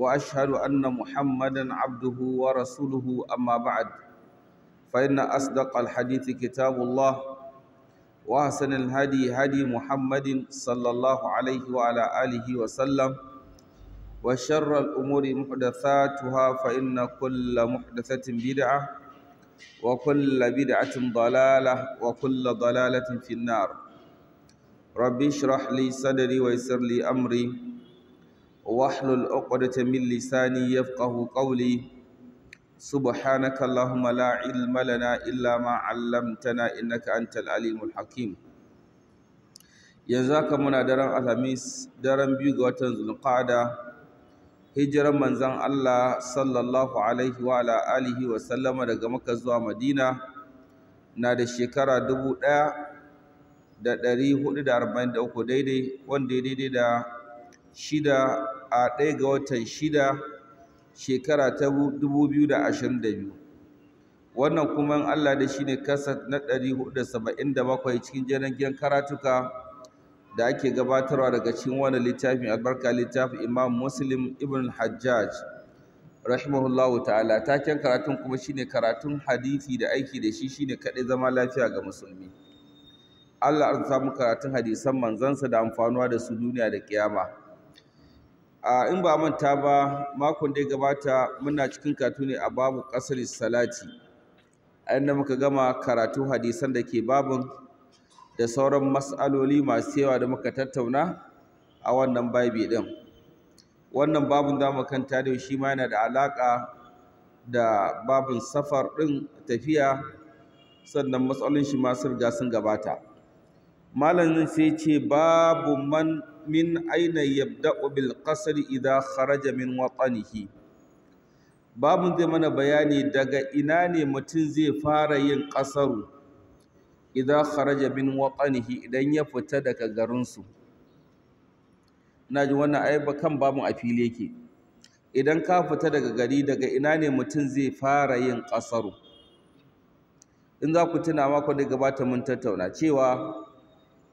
واشهد ان محمدا عبده ورسوله اما بعد فان اصدق الحديث كتاب الله واحسن الهدي هدي محمد صلى الله عليه وعلى اله وسلم وشر الامور محدثاتها فان كل محدثه بدعه وكل بدعه ضلاله وكل ضلاله في النار ربي اشرح لي صدري ويسر لي امري واحلل عقدة من لساني يفقه قولي سبحانك اللهم لا علم لنا إلا ما علمتنا إنك أنت العليم الحكيم yanzu haka muna daren alhamis daren biyu ga watan zulqada hijiran manzon Allah sallallahu alaihi wa ala alihi wa sallama daga Makka zuwa Madina na da shekara dubu ɗaya da ɗari hudu da arba'in da uku daidai wanda daidai da shida a ɗaya ga watan shida shekara ta 2022 wannan kuma in Allah da shi ne kasat na 477 cikin jiragen karatuka da ake gabatarwa daga cikin wani littafin albarka littafin imam muslim ibn hajjaj rahimahullahu ta'ala taken karatun kuma shine karatun hadisi da aiki da shi shine kaɗai zama lafiya ga musulmi Allah an samu karatun hadisan manzansa da amfanuwa da su duniya da kiyama a in ba manta ba makon da ya gabata muna cikin katu ne a babu kasar salati a inda muka gama karatu hadisan da ke babin da sauran mas'aloli masu yawa da muka tattauna a wannan babi din wannan babin za mu kanta da shi ma yana da alaƙa da babin safar din tafiya sannan matsalolin shi ma sun riga sun gabata malamin sai ce babu man min aina yabda'u bil qasr idha kharaja min watanihi babun zai mana bayani daga ina ne mutum zai fara yin ƙasaru idan kharaja min watanihi idan ya fita daga garinsu ina ji wannan ai kan bamu a fili yake idan ka fita daga gari daga ina ne mutum zai fara yin ƙasaru in za ku tuna mako da gabata mun tattauna cewa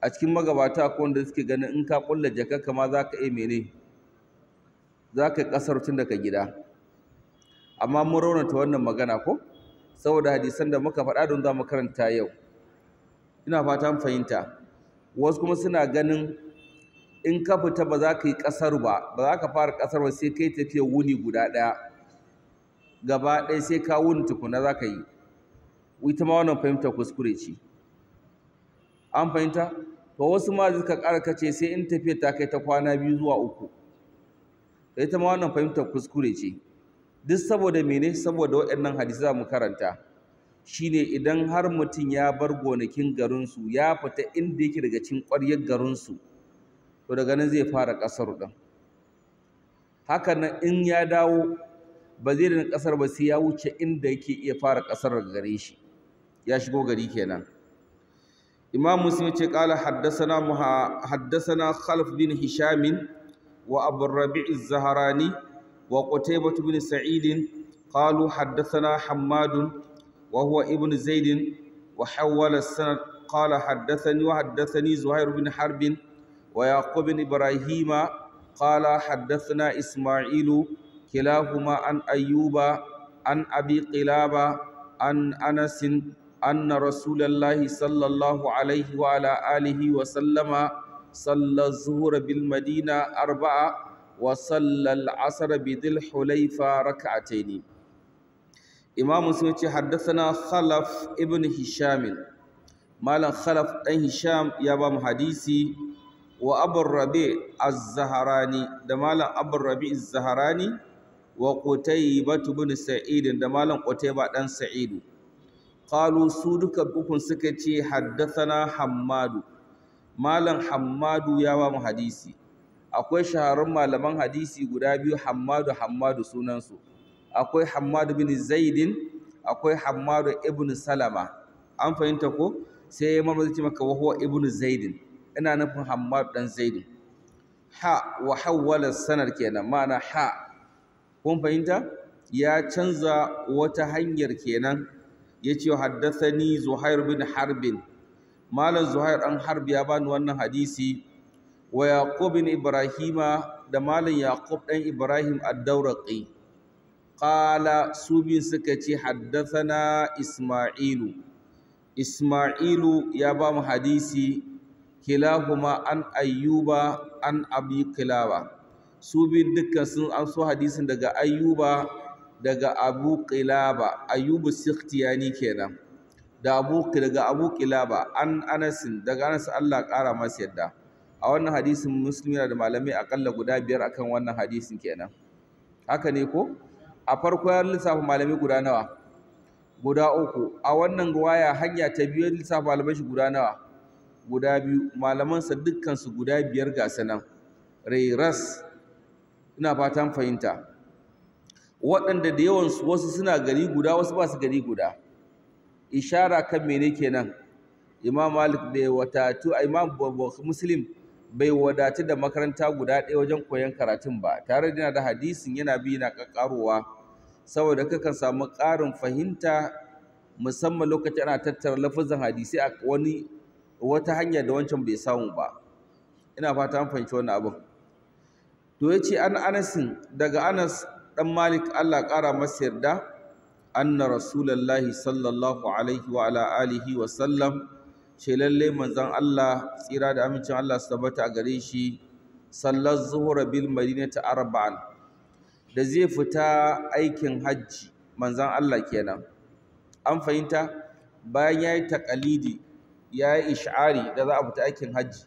a cikin magabata ko wanda suke ganin in ka kulle jakarka ma za ka iya mene za ka yi kasar tun daga gida amma mun raunata wannan magana ko saboda hadisan da muka faɗa don za mu karanta yau ina fatan fahimta wasu kuma suna ganin in ka fita ba za ka yi kasar ba ba za ka fara kasar ba sai kai tafiya wuni guda ɗaya gaba ɗaya sai ka wuni tukuna za ka yi ita ma wannan fahimta kuskure ce an fahimta to wasu ma suka ƙara kace sai in tafiya ta kai ta kwana biyu zuwa uku da ita ma wannan fahimtar kuskure ce duk saboda mene saboda waɗannan hadisi za mu karanta shine idan har mutum ya bar gonakin garinsu ya fita inda yake daga cikin ƙwaryar garinsu to daga nan zai fara ƙasar ɗin haka nan in ya dawo ba zai da ƙasar ba sai ya wuce inda yake iya fara ƙasar gare shi ya shigo gari kenan imam muslim ce qala haddathana haddathana khalaf bin hisham wa abu rabi' az-zahrani wa qutaybah bin sa'id qalu haddathana hammad wa huwa ibn zaid wa hawala sanad qala haddathani wa haddathani zuhair bin harb wa yaqub bin ibrahim qala haddathana isma'il kilahuma an ayyuba an abi qilaba an anas أن رسول الله صلى الله عليه وعلى آله وسلم صلى الظهر بالمدينة أربعة وصلى العصر بذي الحليفة ركعتين إمام سمعت حدثنا خلف ابن هشام مالا خلف ابن هشام يابام حديثي وأبو الربيع الزهراني دمالا أبو الربيع الزهراني وقتيبة بن سعيد دمالا قتيبة بن سعيد qalu su duka ukun suka ce haddathana hammadu malam hammadu ya ba mu hadisi akwai shaharar malaman hadisi guda biyu hammadu hammadu sunansu akwai hammadu bin zaidin akwai hammadu ibn salama an fahimta ko sai ya marmar ce maka wahuwa ibn zaidin ina nufin hammadu dan zaidin ha wa hawwala sanar kenan ma'ana ha kun ya canza wata hanyar kenan ya ce ni zuhair bin harbin malam zuhair an harbi ya bani wannan hadisi wa yaqub bin ibrahima da malam yaqub ɗan ibrahim addauraki dawraqi qala su biyu suka ce na isma'ilu isma'ilu ya ba mu hadisi kilahuma an ayyuba an abi kilawa. su biyun dukkan sun an so hadisin daga ayyuba daga Abu Qilaba Ayyubu Sikhtiyani kenan da Abu daga Abu Qilaba an Anas daga Anas Allah ƙara masa yadda a wannan hadisin muslimi da malamai akalla guda biyar akan wannan hadisin kenan haka ne ko a farko ya lissafa malamai guda nawa guda uku a wannan gwaya hanya ta biyu lissafa malamai shi guda nawa guda biyu malamansa su guda biyar ga sanan rairas ina fatan fahimta waɗanda da yawansu wasu suna gari guda wasu ba su gari guda ishara kan mene kenan imam malik bai wadatu imam muslim bai wadatu da makaranta guda ɗaya wajen koyon karatun ba tare da yana da hadisin yana bi yana ƙaƙarowa saboda kakan samu ƙarin fahimta musamman lokacin ana tattara lafazin hadisi a wani wata hanya da wancan bai samu ba ina fata an fahimci wannan abin to ya ce an anasin daga anas ɗan malik allah ƙara masa yarda anna rasulallahi sallallahu alaihi wa ala alihi wa sallam ce lallai manzon allah tsira da amincin allah su tabbata a gare shi sallar zuhura bil madinata arba'an da zai fita aikin hajji manzon allah kenan an fahimta bayan ya yi taƙalidi ya yi ish'ari da za a fita aikin hajji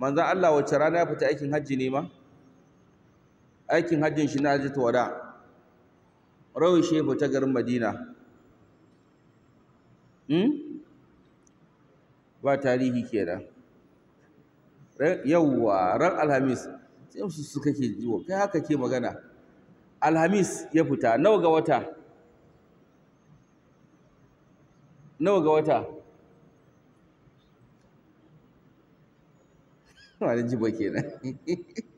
manzon allah wace rana ya fita aikin hajji ne ma aikin hajjin shi na hajjata wada rawi shefu ta garin madina hmm? ba tarihi ke da yawwa ran alhamis sai su suka ke jiwo kai haka ke magana alhamis ya fita nawa ga wata nawa ga wata wani jiba kenan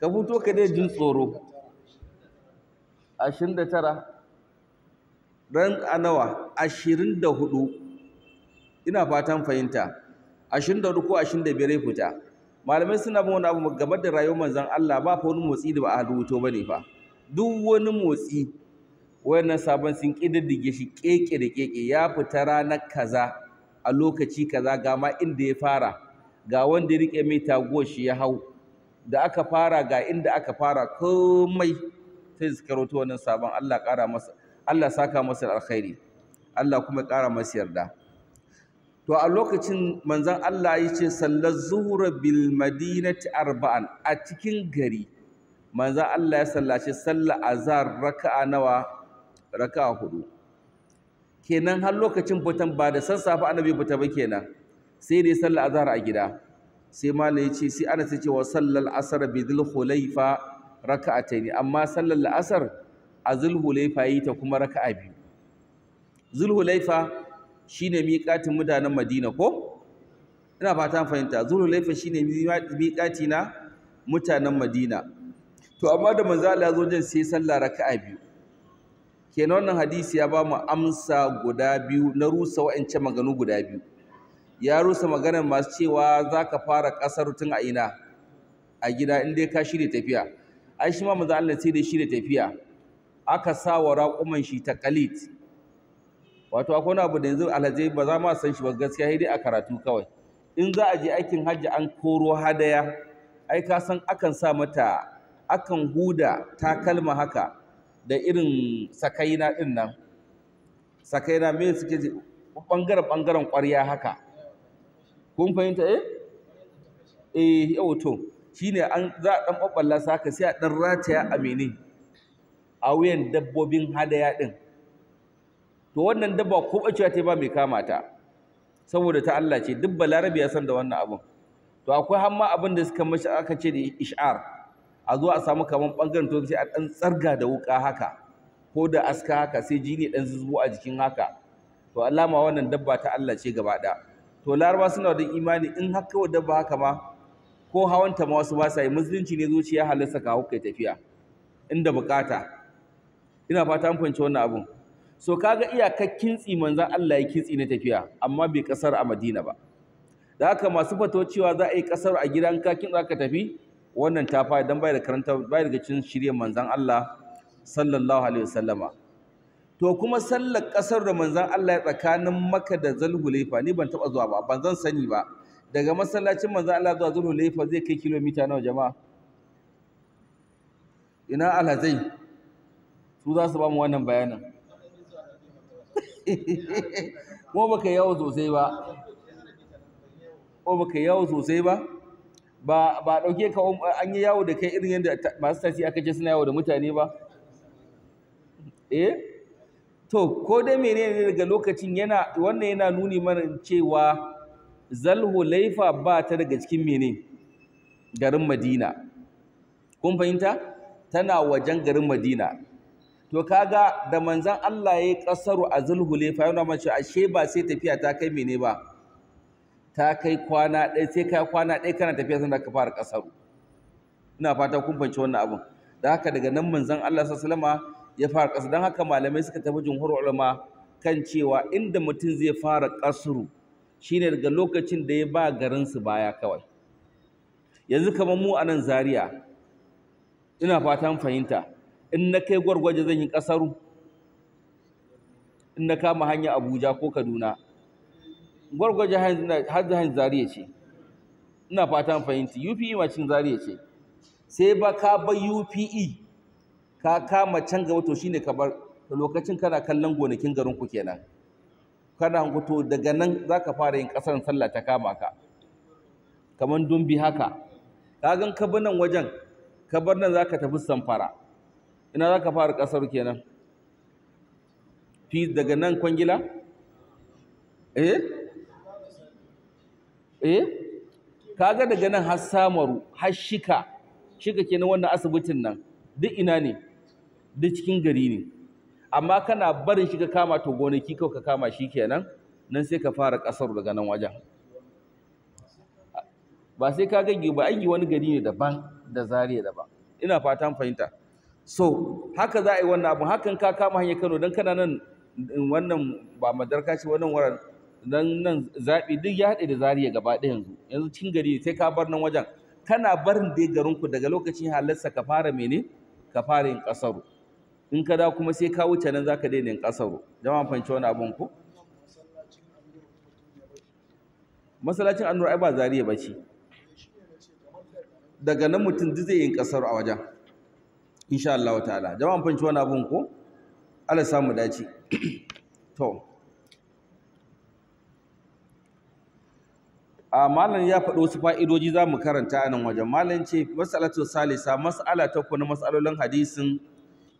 ka fito ka dai jin tsoro ashirin da tara ran anawa ashirin da hudu ina fatan fahimta ashirin da hudu ko ashirin da biyar ya fita malamai suna bin wani abu game da rayuwar manzon Allah ba fa wani motsi da ba a rubuto ba ne fa duk wani motsi wayannan sabon sun ƙididdige shi keke da keke ya fita ranar kaza a lokaci kaza ga ma inda ya fara ga wanda ya riƙe mai taguwar shi ya hau da aka fara ga inda aka fara komai sai su karoto wannan sabon Allah ƙara masa Allah saka masa alkhairi Allah kuma ƙara masa yarda to a lokacin manzon Allah ya ce sallar zuhur bil madinati arba'an a cikin gari manzon Allah ya sallace sallar azar raka'a nawa raka'a hudu kenan har lokacin butan ba da safa annabi buta ba kenan sai dai sallar azhar a gida sai mala ya ce sai ana sai ce wa sallal asar bi dhul hulaifa taini amma sallal asar a dhul hulaifa yi ta kuma a biyu zul hulaifa shine miƙatin mutanen Madina ko ina fata fahimta zul hulaifa shine miƙati na mutanen Madina to amma da manzo Allah zo jin sai raka a biyu kenan wannan hadisi ya ba mu amsa guda biyu na rusa wa'ancan maganu guda biyu ya rusa maganar masu cewa za ka fara ƙasar tun a ina a gida in dai ka shirya tafiya ai shi ma manzo Allah sai shi shirya tafiya aka sa wa raƙuman shi ta kalit wato akwai wani abu da yanzu alhaji ba za ma san shi ba gaskiya sai dai a karatu kawai in za a je aikin hajji an koro hadaya ai ka san akan sa mata akan huda takalma haka da irin sakaina din nan sakaina me suke bangaren bangaren ƙwarya haka kun fahimta eh eh yau to shine an za a dan babballa saka sai a ɗan rataya a mene a wuyan dabbobin hadaya din to wannan dabba ko bacewa ta ba mai kamata, saboda ta Allah ce duk balarabi ya san da wannan abun to akwai hamma abin da suka mashi aka ce da ish'ar a zo a samu kaman bangaren to sai a dan tsarga da wuka haka ko da aska haka sai jini ɗan zuzubo a jikin haka to alama wannan dabba ta Allah ce gaba ɗaya to laraba suna da imani in haka kawai dabba haka ma ko hawanta ma wasu ba sa yi musulunci ne zuciya halarsa kawo kai tafiya inda bukata ina fata fahimci wannan abun so kaga iyakar kintsi manzan Allah ya kintsi na tafiya amma bai kasar a Madina ba da haka masu fato cewa za a yi kasar a gidan ka kin za ka tafi wannan ta fa dan bai da karanta bai da cin shirye manzan Allah sallallahu alaihi wasallama to kuma sallar ƙasar da manzan Allah ya tsakanin maka da zulhulaifa ni ban taɓa zuwa ba ban zan sani ba daga masallacin manzan Allah zuwa zulhulaifa zai kai kilomita nawa jama'a ina alhazai su za su ba mu wannan bayanin ko baka yawo sosai ba ko baka yawo sosai ba ba ba dauke ka an yi yawo da kai irin yadda masu tasi aka ce suna yawo da mutane ba eh to ko dai menene daga lokacin yana wannan yana nuni mana cewa laifa ba ta daga cikin mene garin madina kun fahimta tana wajen garin madina to kaga da manzan Allah ya yi kasaru a zulhulefa yana mace ashe ba sai tafiya ta kai mene ba ta kai kwana ɗaya sai kai kwana ɗaya kana tafiya sun da ka fara kasaru ina fata kun fahimci wannan abin da haka daga nan manzan Allah sallama ya fara ƙasa don haka malamai suka tafi jumhur ulama kan cewa inda mutum zai fara ƙasuru shine daga lokacin da ya ba garinsu baya kawai yanzu kamar mu a nan zaria ina fatan fahimta in na kai gwargwaje zan yi ƙasaru in na kama hanya abuja ko kaduna gwargwaje hajji zaria ce ina fatan fahimta upe macin zaria ce sai ba ka ba upe ka kama can gaba to shine ka bar lokacin kana kallon gonakin garin ku kenan kana hankuto daga nan za ka fara yin ƙasar sallah ta kama ka kamar dumbi haka gan ka bi nan wajen ka bar nan za ka tafi samfara ina za ka fara ƙasar kenan fi daga nan kwangila eh eh kaga daga nan har samaru har shika shika kenan wannan asibitin nan duk ina ne duk cikin gari ne amma kana barin shi ka kama to gonaki kawai ka kama shi kenan nan sai ka fara kasar daga nan wajen ba sai ka gage ba aiki wani gari ne daban da zariya daban ina fatan fahimta so haka za a yi wannan abun hakan ka kama hanyar Kano dan kana nan wannan ba madarka ce wannan waran dan nan zabi duk ya haɗe da zariya gaba ɗaya yanzu yanzu cikin gari sai ka bar nan wajen kana barin dai garinku daga lokacin halarsa ka fara mene ka fara yin kasaru in ka da kuma sai ka wuce nan zaka daina yin kasaro jama'a fanci wani abun ku masallacin annur ai ba zariya bace daga nan mutum duk zai yin kasaro a wajen insha Allah ta'ala jama'a fanci wani abun ku Allah samu dace to a malam ya faɗo wasu fa'idoji za mu karanta a nan wajen malam ce masalatu salisa mas'ala ta kuna masalolin hadisin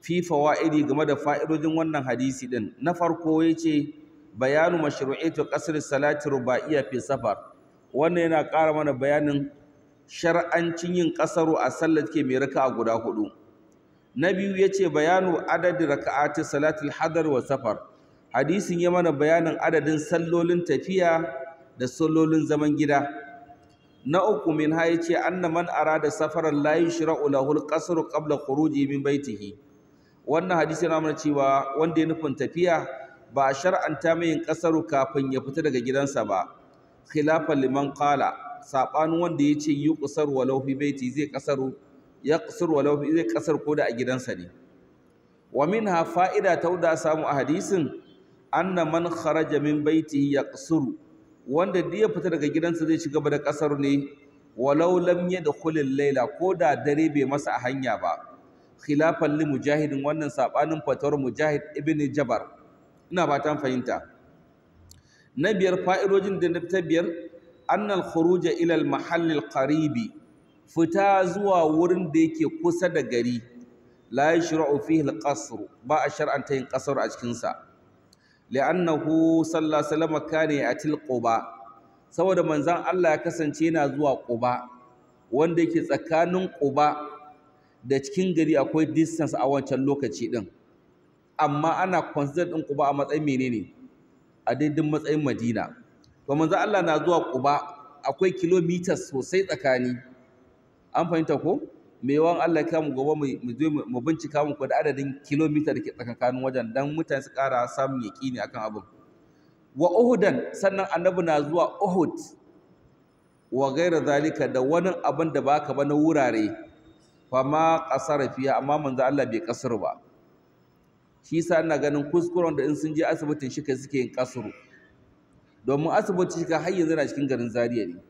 Fifa wa'idi game da fa’irojin wannan hadisi ɗin na farko ya yace bayanu mashru'itu qasr salati ruba'iyya fi safar wannan yana ƙara mana bayanin shar'ancin yin ƙasaru a sallar ke mai a guda hudu na biyu yace bayanu adadin raka'ati salatul hadar wa safar hadisin ya mana bayanin adadin sallolin tafiya da sallolin zaman gida na uku min ha an anna man arada safarar safarar yushra'u lahu ƙasaru qasru ƙabla khuruji min baitihi wannan hadisi yana mana cewa wanda ya nufin tafiya ba a shar'anta mai yin kasaru kafin ya fita daga gidansa ba khilafan liman qala sabanin wanda ya ce yi kusar walau fi baiti zai kasaru ya kusur walau fi zai kasar ko da a gidansa ne wa min fa'ida ta wuda samu a hadisin anna man kharaja min ya yaqsuru wanda duk ya fita daga gidansa zai ci gaba da kasar ne walau lam yadkhulil laila ko da dare bai masa a hanya ba khilafan li mujahidin wannan sabanin fatawar mujahid ibn jabar ina fatan fahimta na biyar fa'idodin da na ta biyar annal khuruja ila al mahallil qaribi fita zuwa wurin da yake kusa da gari la yashra'u fihi al qasr ba a shar'anta yin qasr a cikin sa li'annahu sallallahu alaihi wasallam kana yatil quba saboda manzon Allah ya kasance yana zuwa quba wanda yake tsakanin quba da cikin gari akwai distance a wancan lokaci din amma ana consider din kuba a matsayin menene a daidai matsayin Madina to manzo Allah na zuwa kuba akwai kilometers sosai tsakani an fahimta ko me yawan Allah ya kamu gobe mu je mu bincika mu da adadin kilomita da ke tsakanin wajen dan mutane su ƙara samun yaqini akan abin wa Uhudan sannan annabi na zuwa Uhud wa gaira zalika da wani abin da baka ba na wurare fama ƙasar fiya amma manzo Allah bai kasar ba shi yasa ina ganin kuskuren da in sun je asibitin shika suke yin kasuru domin asibiti shika har yanzu na cikin garin Zaria ne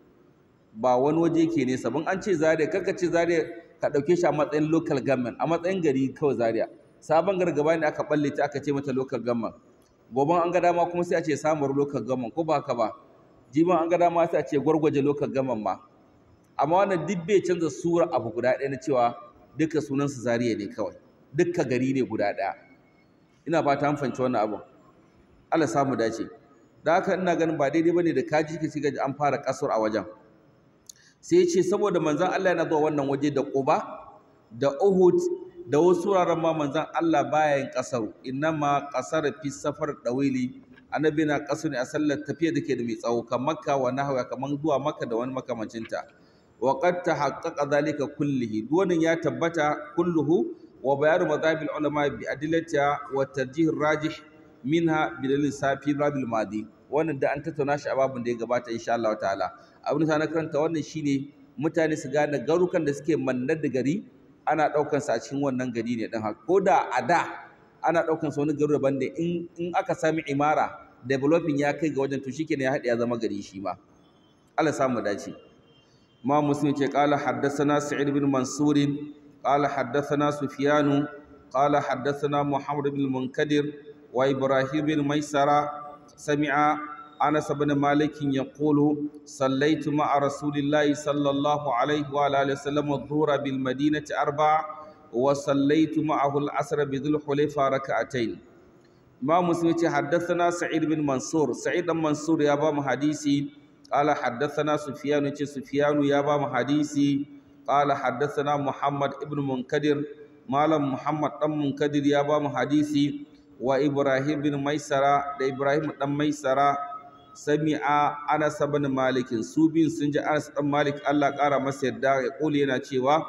ba wani waje yake nesa ban an ce Zaria karka ce Zaria ka dauke shi a matsayin local government a matsayin gari kawai Zaria sabon gargaba ne aka balle ta aka ce mata local government goban an ga dama kuma sai a ce samun local government ko ba haka ba jiban an ga dama sai a ce gwargwaje local government ma amma wannan duk bai canza sura abu guda ɗaya na cewa duka sunansu zariya ne kawai duka gari ne guda ɗaya ina fata an wannan abu. Allah samu dace da haka ina ganin ba daidai bane da kaji ke shiga an fara kasur a wajen sai ce saboda manzon Allah yana zuwa wannan waje da Quba da Uhud da wasu wuraren ma manzon Allah baya yin inna ma kasar fi safar dawili annabi na kasu ne a sallar tafiya da ke da mai tsawo kan makka wa nahwa kaman zuwa makka da wani makamancinta wa ta tahaqqaqa zalika kullihi duwanin ya tabbata kulluhu wa bayanu madhhab ulama bi adillatiha wa tarjih rajih minha bi dalil safi rabin madi wannan da an tattauna shi a babin da ya gabata insha Allah ta'ala abin da na karanta wannan shine mutane su gane garukan da suke mannar da gari ana ɗaukan sa a cikin wannan gari ne ɗan haka ko da a da ana ɗaukan sa wani gari daban da in in aka sami imara developing ya kai ga wajen to ne ya haɗe ya zama gari shi ma Allah samu dace ma muslim ce qala haddathana sa'id bin mansur qala haddathana sufyan qala haddathana muhammad bin munkadir wa ibrahim bin maisara sami'a anas bin malik yaqulu sallaitu ma'a rasulillahi sallallahu alaihi wa alihi wasallam adh-dhuhra bil arba'a wa sallaitu ma'ahu al-asr bi dhul hulayfa rak'atayn ma muslim ce haddathana sa'id bin mansur sa'id bin mansur ya ba mu hadisi قال حدثنا سفيان يتي سفيان يا بام حديثي قال حدثنا محمد ابن منكدر مالم محمد دم منكدر يا بام حديثي وابراهيم بن ميسرة ده ابراهيم دم ميسرة سمع انس بن مالك سوبين سنج انس بن مالك الله قارا masa يقول yana cewa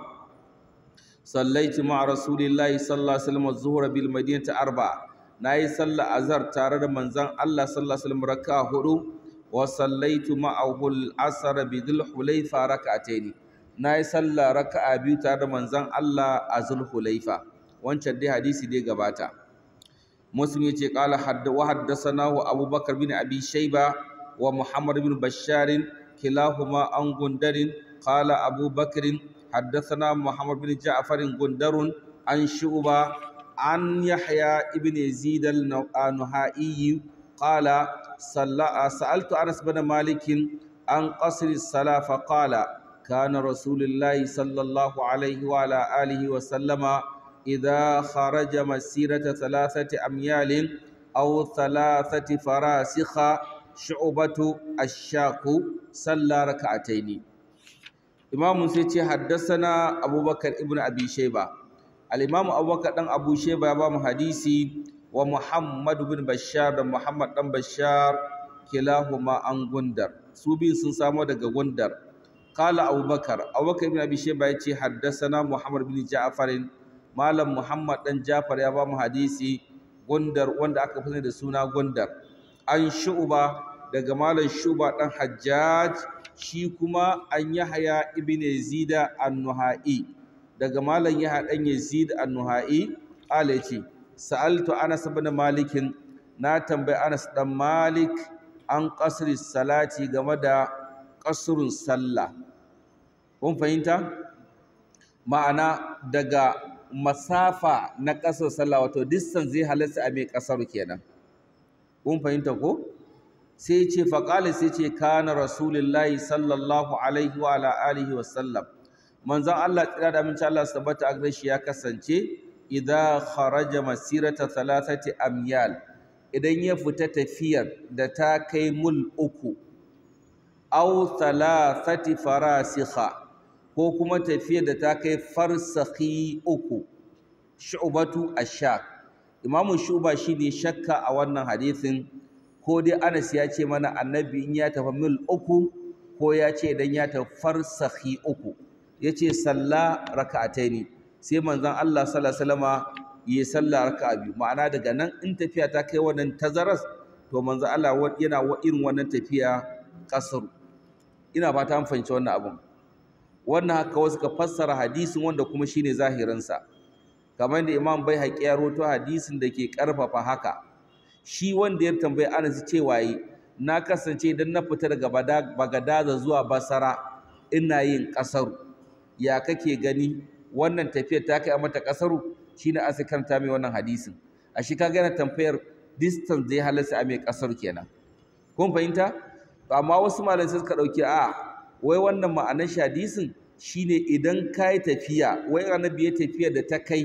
sallaitu ma rasulillahi sallallahu alaihi wasallam az-zuhra bil madinati arba'a nayi sallar azhar tare da manzon Allah sallallahu alaihi wasallam raka'a hudu wasallaitu ma'ahul asar bidil hulaifa raka ta yi na yi sallah raka a biyu tare da manzan Allah a zul hulaifa wancan dai hadisi dai gabata musulmi ya ce kala wa haddasana wa abubakar bin abi shaiba wa muhammad bin basharin kilahuma an gundarin kala abubakarin haddasana muhammad bin ja'afarin gundarun an shi'uba an yahya ibn zidal nuha'iyyu قال صلى سألت أنس بن مالك عن قصر الصلاة فقال كان رسول الله صلى الله عليه وعلى آله وسلم إذا خرج مسيرة ثلاثة أميال أو ثلاثة فراسخ شعبة الشاق صلى ركعتين إمام سيتي حدثنا أبو بكر ابن أبي شيبة الإمام أبو بكر أبو شيبة أبو حديثي wa Muhammadu bin Bashar da Muhammad dan Bashar kilahuma an Gundar su biyu sun samo daga Gundar qala Abubakar Abubakar ibn Abi ce haddasa na Muhammad bin Ja'far malam Muhammad dan Ja'far ya ba mu hadisi Gundar wanda aka fi da suna Gundar an Shu'ba daga malam Shu'ba dan Hajjaj shi kuma an Yahya ibn Zida an-Nuhai daga malam Yahya dan Yazid an-Nuhai Al'aici. sa'altu Anas ibn Malik na tambayi Anas dan Malik an qasri salati game da qasrun sallah kun fahimta ma'ana daga masafa na ƙasar sallah wato distance zai halatta a mai ƙasar kenan kun fahimta ko sai ce faqala sai ce kana rasulullahi sallallahu alaihi wa ala alihi wa sallam manzon Allah tsira da aminci Allah subhanahu wa ta'ala ya kasance idza kharaja masirata thalathati amyal idan ya fita tafiyar da ta kai mul uku aw thalathati farasikha ko kuma tafiyar da ta kai farsakhi uku shu'batu ashak imamu shuba shine shakka a wannan hadisin ko dai Anas ya ce mana annabi in ya tafi mil uku ko ya ce idan ya tafi farsakhi uku yace salla raka'ataini sai manzon Allah sallallahu alaihi wasallama yayi sallah raka'a biyu ma'ana daga nan in tafiya ta kai wannan tazaras to manzan Allah yana wa irin wannan tafiya kasar ina fata an fahimci wannan abun wannan haka wasu ka fassara hadisin wanda kuma shine zahirinsa kamar da Imam haƙi ya roto hadisin da ke karfafa haka shi wanda ya tambayi Anas cewa yi na kasance idan na fita daga Bagadaza zuwa Basara ina yin kasar ya kake gani wannan tafiyar ta kai mata kasaru shine an sai karanta mai wannan hadisin a shi kaga yana tambayar distance da ya halarsa a mai kasaru kenan kun fahimta to amma wasu malamai suka dauki a wai wannan ma'anar shi hadisin shine idan kai tafiya wai annabi ya tafiya da ta kai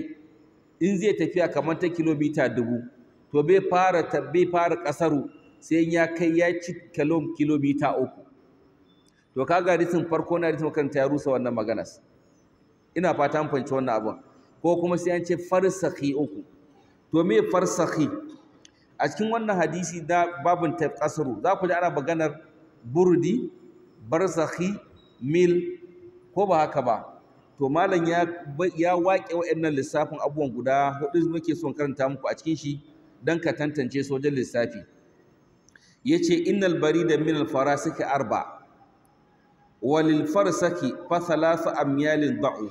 in zai tafiya kamar ta kilomita dubu to bai fara bai fara kasaru sai ya kai ya ci kilomita uku to kaga hadisin farko na hadisin kan ya rusa wannan maganar ina fata an fahimci wannan abin ko kuma sai an ce farsakhi uku to me farsakhi a cikin wannan hadisi da babun ta za ku ji ana maganar burdi barsaki mil ko ba haka ba to malam ya ya waƙe waɗannan lissafin abubuwan guda hudu muke son karanta muku a cikin shi dan ka tantance su wajen lissafi yace innal barida min al farasiki arba walil farsaki fa thalathu amyalin da'u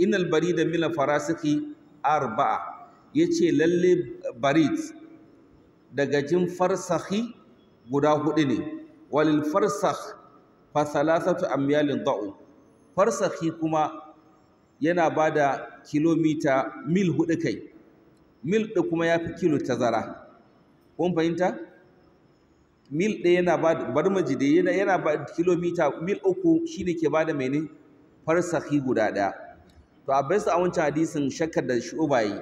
inal da mila farasiki arba'a ce lalle barit daga jin farsahi guda hudu ne walil farsakh fa thalathatu amyalin da'u farsahi kuma yana ba da kilomita mil hudu kai mil ɗin kuma ya fi kilo tazara kun fahimta mil ɗaya yana ba bar majide yana yana ba kilomita mil uku shine ke bada ne farsahi guda ɗaya to a bisa a wancan hadisin shakkar da shi yi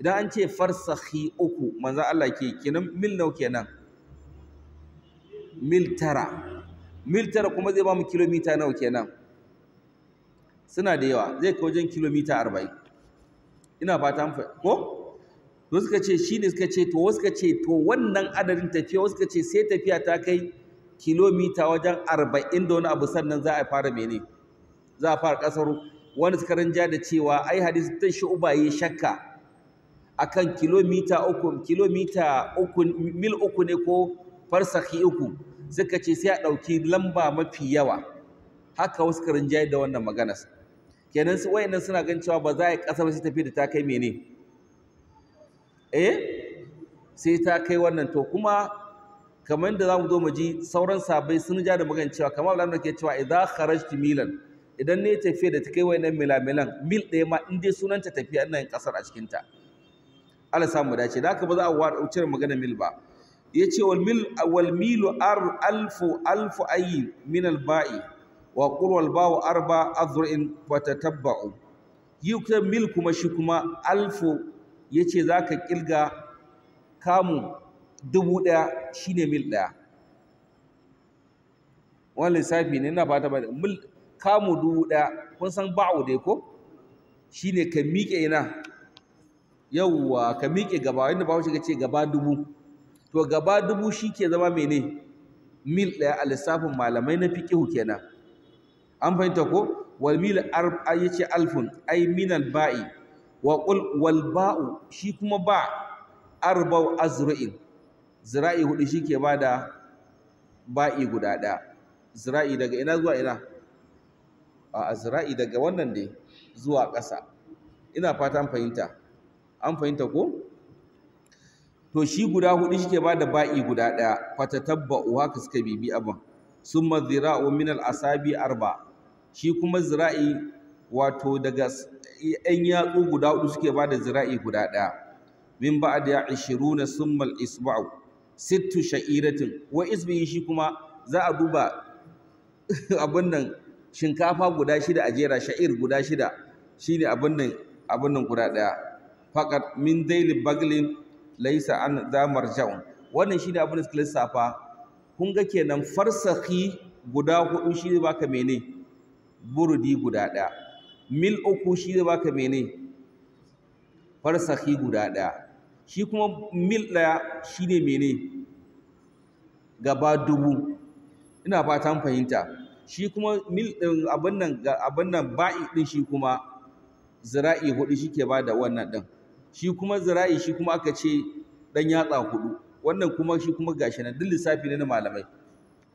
idan an ce farsahi uku manzan Allah ke kenan mil nau kenan mil tara mil tara kuma zai ba mu kilomita nau kenan suna da yawa zai kai wajen kilomita arba'in ina fata mu ko to suka ce shi ne suka ce to wasu suka ce to wannan adadin tafiya wasu suka ce sai tafiya ta kai kilomita wajen arba'in da wani abu sannan za a fara mene za a fara ƙasar wanda suka ranja da cewa ai hadisi ta shu'ba yi shakka akan kilomita uku kilomita uku mil uku ne ko farsaki uku suka ce sai a ɗauki lamba mafi yawa haka wasu suka rinja da wannan magana kenan su wayannan suna gan cewa ba za a yi ƙasa ba sai tafi da ta kai mene eh sai ta kai wannan to kuma kamar da za mu zo mu ji sauran sabai sun ja da magana cewa kamar Allah ke cewa idza kharajtu milan idan ne tafiya da ta kai wayannan milamilan mil ɗaya ma in dai sunanta tafiya ina yin ƙasar a cikinta Allah samu dace da haka ba za a wara wucin magana mil ba ya ce wal mil wal milu ar alfu alfu ayi min al ba'i wa qul wal ba'u arba azrin wa tatabba'u yi kuma mil kuma shi kuma alfu yace zaka kilga kamu dubu ɗaya shine mil ɗaya wannan lissafi ne ina fata ba mil kamu dubu ɗaya kun san ba'u dai ko ne ka miƙe ina yauwa ka miƙe gaba inda ba shi ce gaba dubu to gaba dubu shi ke zama mene mil ɗaya a lissafin malamai na fi ƙihu kenan an fahimta ko wal mil ya ce alfun ai minal ba'i wa ƙul wal ba'u shi kuma ba arbau azra'in zira'i hudu shi ke bada ba'i guda ɗaya zira'i daga ina zuwa ina a azra'i daga wannan dai zuwa ƙasa ina fata an fahimta an fahimta ko to shi guda hudu shike ba da ba'i guda ɗaya uwa ka suka bibi abin summa zira'u min al-asabi arba shi kuma zira'i wato daga ɗan yatsu guda hudu suke ba da zira'i guda ɗaya min da ya na sun mal isbau sittu sha'iratin wa isbihi shi kuma za a duba abin nan shinkafa guda shida a jera sha'ir guda shida shine abin nan abin nan guda daya faqat min daili baglin laysa an za marja'un wannan shine abin da suka lissafa kun ga kenan farsahi guda hudu shi zai baka mene burudi guda daya mil uku shi zai baka mene farsahi guda daya shi kuma mil daya shine mene gaba dubu ina fatan fahimta shi kuma mil ɗin abin nan abin nan ba'i ɗin shi kuma zira'i hudu shi ke bada wannan ɗin shi kuma zira'i shi kuma aka ce ɗan yatsa hudu wannan kuma shi kuma gashi na duk lissafi ne na malamai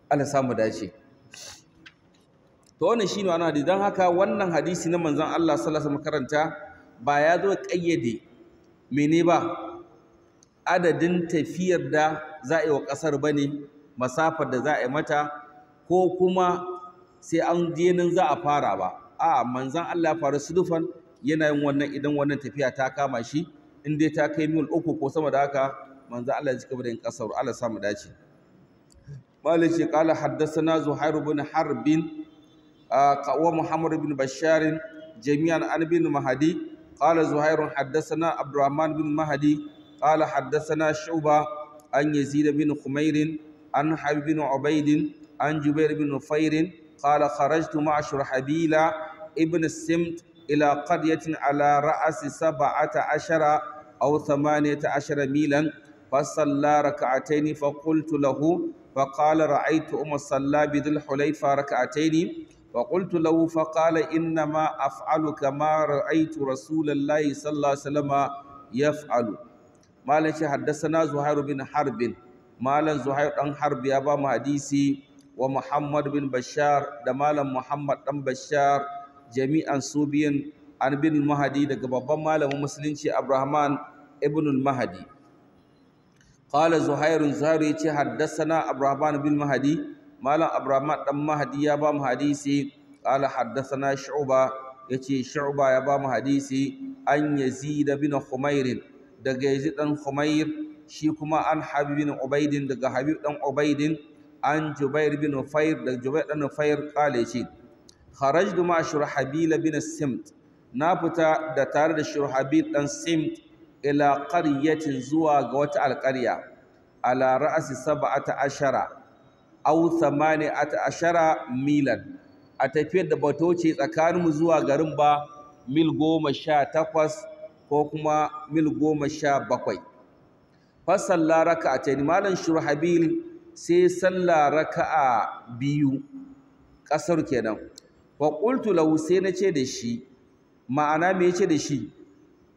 Allah samu dace to wannan ne wannan hadisi don haka wannan hadisi na manzon Allah sallallahu alaihi wasallam karanta ba ya zo kayyade mene ba adadin tafiyar da za a yi wa ƙasar ba ne masafar da za a yi mata ko kuma sai an je nan za a fara ba a manzan Allah ya faru sudufan yana yin wannan idan wannan tafiya ta kama shi in dai ta kai mil uku ko sama da haka manzan Allah ya ji kabarin kasar Allah samu dace malik shi qala haddathana zuhair ibn harb wa muhammad ibn bashar jami'an an ibn mahdi qala zuhair haddathana abdurrahman ibn mahdi qala haddathana shuba an yazid ibn khumair an habib ibn ubaid an jubair ibn nufair قال خرجت مع شرحبيل ابن السمت إلى قرية على رأس سبعة عشر أو ثمانية عشر ميلا فصلى ركعتين فقلت له فقال رأيت أم صلى بذي الحليفة ركعتين فقلت له فقال إنما أفعل كما رأيت رسول الله صلى الله عليه وسلم يفعل ما حدثنا زهير بن حرب مالا زهير بن حرب يا حديثي wa Muhammad bin Bashar da Malam Muhammad dan Bashar jami'an su biyun an bin Mahadi daga babban malamin musulunci Abrahman ibn Mahadi qala Zuhairun Zuhairu yace haddasana Abrahman bin Mahadi Malam Abrahman dan Mahadi ya ba mu hadisi qala haddasana Shu'ba yace Shu'ba ya ba hadisi an Yazid bin Khumair daga Yazid dan Khumair shi kuma an Habib bin Ubaidin daga Habib dan Ubaidin an Jubair bin ufair da Jubair dan ufair kale shi du ma Shurhabil bin Simt na fita da tare da Shurhabil dan Simt ila qaryatin zuwa ga wata alqarya ala ra'asi sab'ata ashara aw thamaniyata ashara milan a tafiyar da batoce mu zuwa garin ba mil goma sha takwas ko kuma mil goma sha bakwai fasalla raka a malam shurhabil sai sallah raka'a biyu ƙasar kenan wa qultu lahu sai ce da shi ma'ana me yace da shi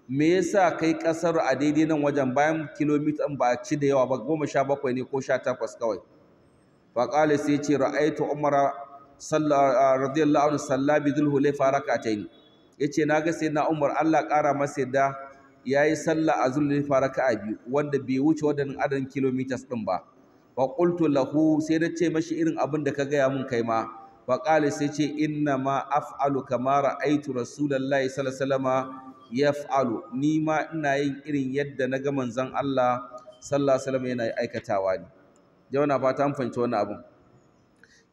me yasa kai ƙasar a daidai nan wajen bayan kilomita ba ci da yawa ba goma sha bakwai ne ko sha takwas kawai fa qala sai ce ra'aytu umara radiyallahu anhu salla bi dhul hulayfa rak'atayn yace naga sai na umar Allah kara masa yadda yayi sallah a dhul hulayfa raka'a biyu wanda bai wuce wadannan adadin kilometers din ba wa lahu sai na ce mashi irin abin da ka gaya mun kai ma wa sai ce inna ma af'alu kama ra'aytu rasulullahi sallallahu alaihi ya yaf'alu ni ma ina yin irin yadda na ga manzon Allah sallallahu alaihi wasallam yana aikatawa ne jama'a fata an fanci wannan abun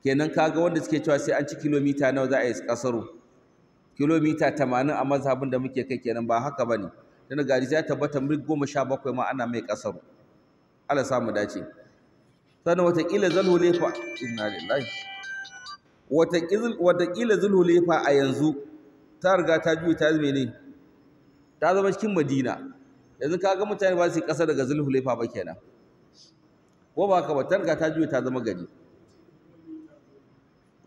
kenan kaga wanda suke cewa sai an ci kilomita nawa za a yi kasaro kilomita 80 a mazhabin da muke kai kenan ba haka bane dan gari sai ta tabbata mil 17 ma ana mai kasaro Allah samu dace sannan watakila zulhulefa inna lillahi watakila zulhulefa a yanzu ta riga ta juya ta zama ne ta zama cikin madina yanzu ka ga mutane ba su yi ƙasa daga zulhulefa ba kenan ko ba ka ba ta riga ta juya ta zama gari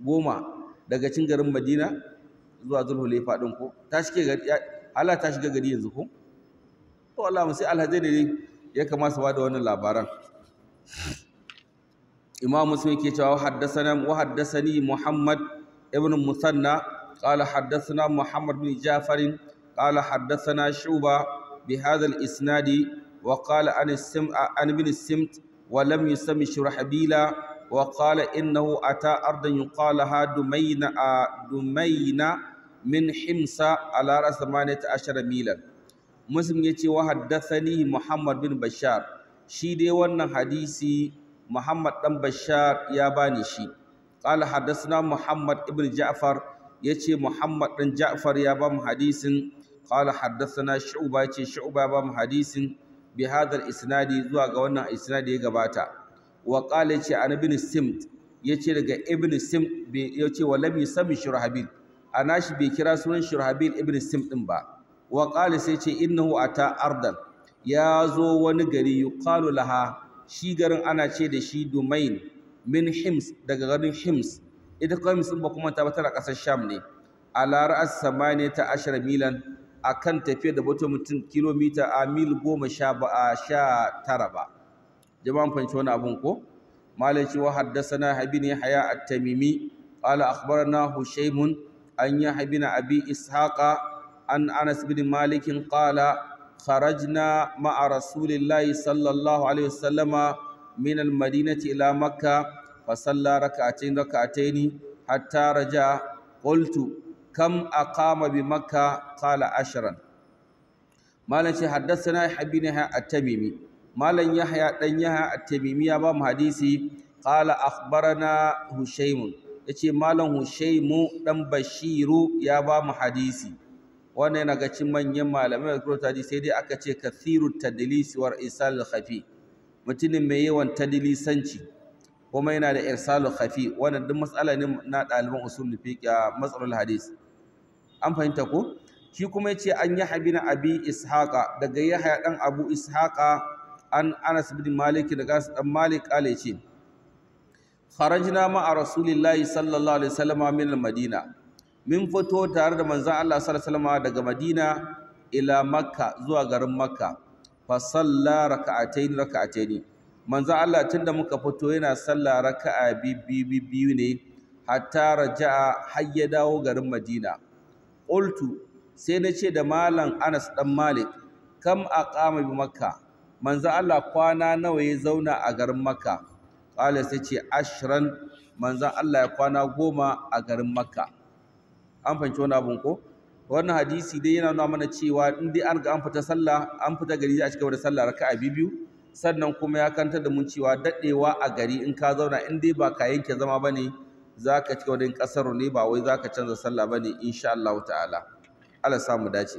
goma daga cin garin madina zuwa zulhulefa ɗin ko ta shige gari ala ta shiga gari yanzu ko to Allah mu sai alhaji ne ya kamata ba da wannan labaran imam muslim yake cewa haddasana muhammad ibn musanna qala haddathana muhammad bin ja'far qala haddathana shuba bi hadha al-isnad wa qala an as an ibn simt wa lam yusami shurahbila wa qala innahu ata ardan yuqalaha dumayna dumayna min himsa ala ras 18 milan muslim yace wa haddathani muhammad bin bashar shi dai wannan hadisi Muhammad ɗan Bashar ya bani shi qala haddathna Muhammad ibn Ja'far yace Muhammad ɗan Ja'far ya bamu hadisin qala haddathna Shu'ba yace Shu'ba ya bamu hadisin bi hadal zuwa ga wannan isnadi ya gabata wa qala yace an ibn Simt yace daga ibn Simt yace wa lam yusami Shurhabil anashi bai kira sunan Shurhabil ibn Simt ɗin ba wa qala sai yace innahu ta ardan ya zo wani gari yuqalu laha shi garin ana ce da shi domain min hims daga garin hims ita kawai musamman ba kuma ta ba tana ƙasar sham ne a lara'as samaniya ta ashirar milan a kan tafiya da bato mutum kilomita a mil goma sha ba a sha tara ba jama'an fahimci wani abun ko malaci wa haddasa na habi ne haya a tamimi qala na hushaimun an yahya na abi ishaƙa an anas bin malikin ƙala. kharajna ma'a rasulillahi sallallahu alaihi wasallama min almadinati ila makka fa salla rak'atayn rak'atayn raja qultu kam aqama bi makka qala ashran malan shi haddathana habina at-tamimi malan yahya dan yahya at-tamimi ya bamu hadisi. Kala qala akhbarana hushaymun yace Malam hushaymu dan bashiru ya bamu hadisi wannan yana ga cin manyan malamai da kurota sai dai aka ce kathiru tadlis war irsal khafi mutumin mai yawan tadlisanci kuma yana da irsal khafi wannan duk matsala ne na ɗaliban usul fiqh matsalul hadis an fahimta ko shi kuma yace an yi habina abi ishaqa daga yahya dan abu ishaqa an anas bin malik daga dan malik kale ce kharajna ma a rasulillahi sallallahu alaihi wasallam min al-madina min fito tare da manzan Allah sallallahu alaihi daga Madina ila Makka zuwa garin Makka fa salla raka'atayn raka'atayn manzan Allah tunda muka fito yana salla raka'a bi bi ne hatta raja'a har ya dawo garin Madina qultu sai na ce da malam Anas dan Malik kam aqama bi Makka manzan Allah kwana nawa ya zauna a garin Makka qala sai ce ashran manzan Allah ya kwana goma a garin Makka an fahimci wani abun ko wannan hadisi dai yana nuna mana cewa in dai an ga an fita sallah an fita gari a cikin wani sallah raka'a biyu sannan kuma ya kantar da mun cewa daɗewa a gari in ka zauna in dai ba ka yanke zama bane ka cika wani kasar ne ba wai ka canza sallah bane insha Allah ta'ala Allah samu dace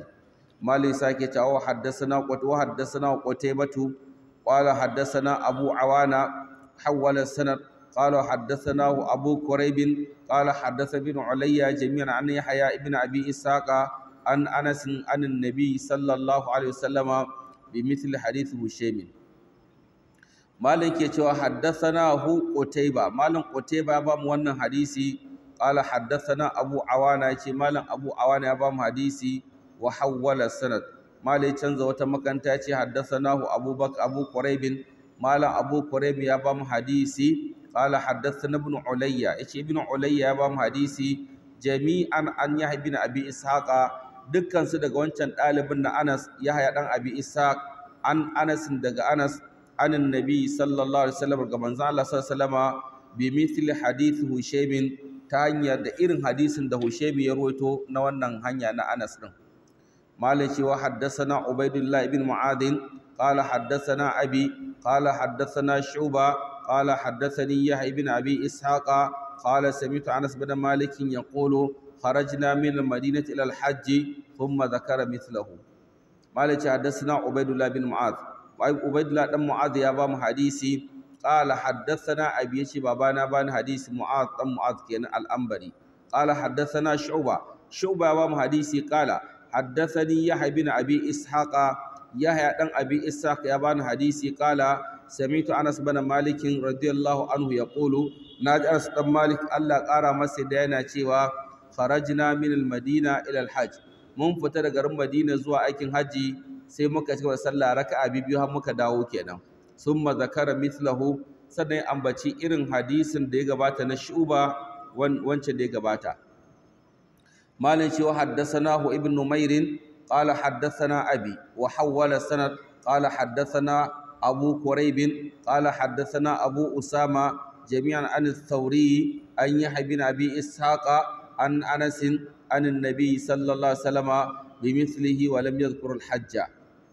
malai sake ta wa haddathana qut wa qutaybatu qala haddasana abu awana hawala sanad قال حدثناه أبو كريب قال حدث ابن علي جميعا عن يحيى ابن أبي إسحاق عن أنس عن النبي صلى الله عليه وسلم بمثل حديث هشام مالك يتوى حدثناه قتيبة مالك قتيبة بام ونن حديثي قال حدثنا أبو عوانا يتي مالك أبو عوانا بام حديثي وحول السند مالك يتنزى وتمكن تاتي حدثناه أبو بكر أبو قريب مالك أبو قريب يا بام حديثي qala haddathana ibn ulayya yace ibn ulayya ya bamu hadisi jami'an an yahya ibn abi ishaqa daga wancan dalibin na Anas yahya dan abi ishaq an Anas daga Anas anin nabi sallallahu alaihi wasallam ga manzo Allah sallallahu alaihi wasallam bi hadith hushaymin ta hanyar da irin hadisin da hushaymi ya rawaito na wannan hanya na Anas din مالك وحدثنا عبيد الله بن معاذ قال حدثنا أبي قال حدثنا شعبة قال حدثني يحيى بن أبي إسحاق قال سمعت أنس بن مالك يقول خرجنا من المدينة إلى الحج ثم ذكر مثله مالك حدثنا عبيد الله بن معاذ عبيد الله بن معاذ يا بام حديثي قال حدثنا أبي بابانا بان حديث معاذ بن معاذ كان الأنبري قال حدثنا شعبة شعبة بام حديثي قال حدثني يحيى بن أبي إسحاق يحيى بن أبي إسحاق يا بان حديثي قال samitu anas bana malikin radiyallahu anhu ya ƙulu na ji anas ɗan malik allah ƙara masa da yana cewa farajina min almadina ila hajj. mun fita da garin madina zuwa aikin hajji sai muka cika sallah raka raka'a biyu har muka dawo kenan Sun summa zakara mithlahu sannan ambaci irin hadisin da ya gabata na shuba wancan da ya gabata malin cewa haddasanahu ibn numairin qala haddathana abi wa hawwala sanad qala haddathana أبو كريب قال حدثنا أبو أسامة جميعا عن الثوري أن يحيى بن أبي إسحاق عن أنس عن النبي صلى الله عليه وسلم بمثله ولم يذكر الحج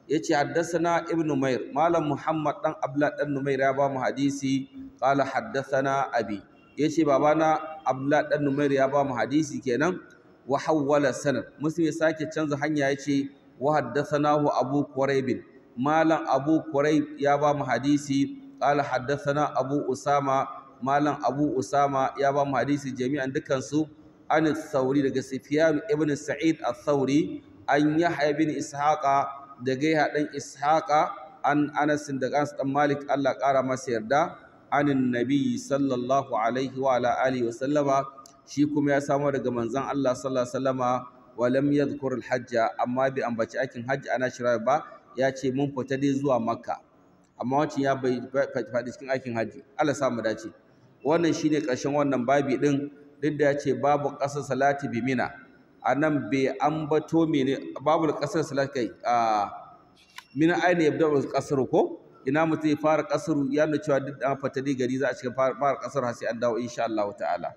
yace haddathana ibn Umair malam Muhammad dan Abdullah dan Umair ya ba mu hadisi qala haddathana abi yace babana Abdullah dan Umair ya bamu hadisi kenan wahawala hawwala sanad ya sake canza hanya yace wa haddathanahu Abu malam abu kurai ya ba mu hadisi qala haddathana abu usama malam abu usama ya ba mu hadisi jami'an dukansu. su an sauri daga sufyan ibn sa'id al-thawri an yahya bin ishaqa daga yahya dan ishaqa an anas malik Allah kara masa yarda anin nabi sallallahu alaihi wa sallama shi kuma ya samu daga manzon Allah sallallahu alaihi wa sallama wa lam yadhkur hajja amma bi ambaci akin hajji ana shirya ba ya ce mun fita dai zuwa makka amma wancan ya bai faɗi cikin aikin hajji Allah samu dace wannan shine ƙarshen wannan babi ɗin duk da ya ce babu ƙasar salati bi mina a nan bai ambato mene babu ƙasar salati kai a mina aina yabda ƙasar ko ina mutum ya fara ƙasar ya nuna cewa duk da fata dai gari za a cika fara ƙasar har sai an dawo insha Allah ta'ala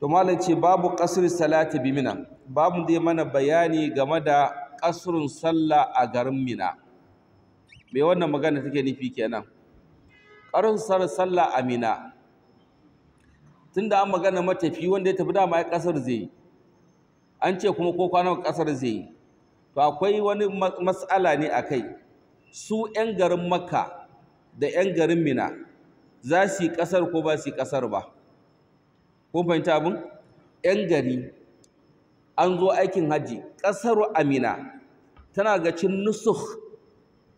to malam ce babu ƙasar salati bi mina babu dai mana bayani game da ƙasurin sallah a garin mina me wannan magana take nufi kenan ƙarin sallah a mina da an magana matafi wanda ya tafi dama ya ƙasar zai an ce kuma ko kwanan ƙasar zai yi to akwai wani matsala ne a kai su 'yan garin makka da 'yan garin mina za su yi ƙasar ko ba su yi ƙasar ba ko fahimta abin 'yan gari an zo aikin hajji ƙasar amina tana ga cin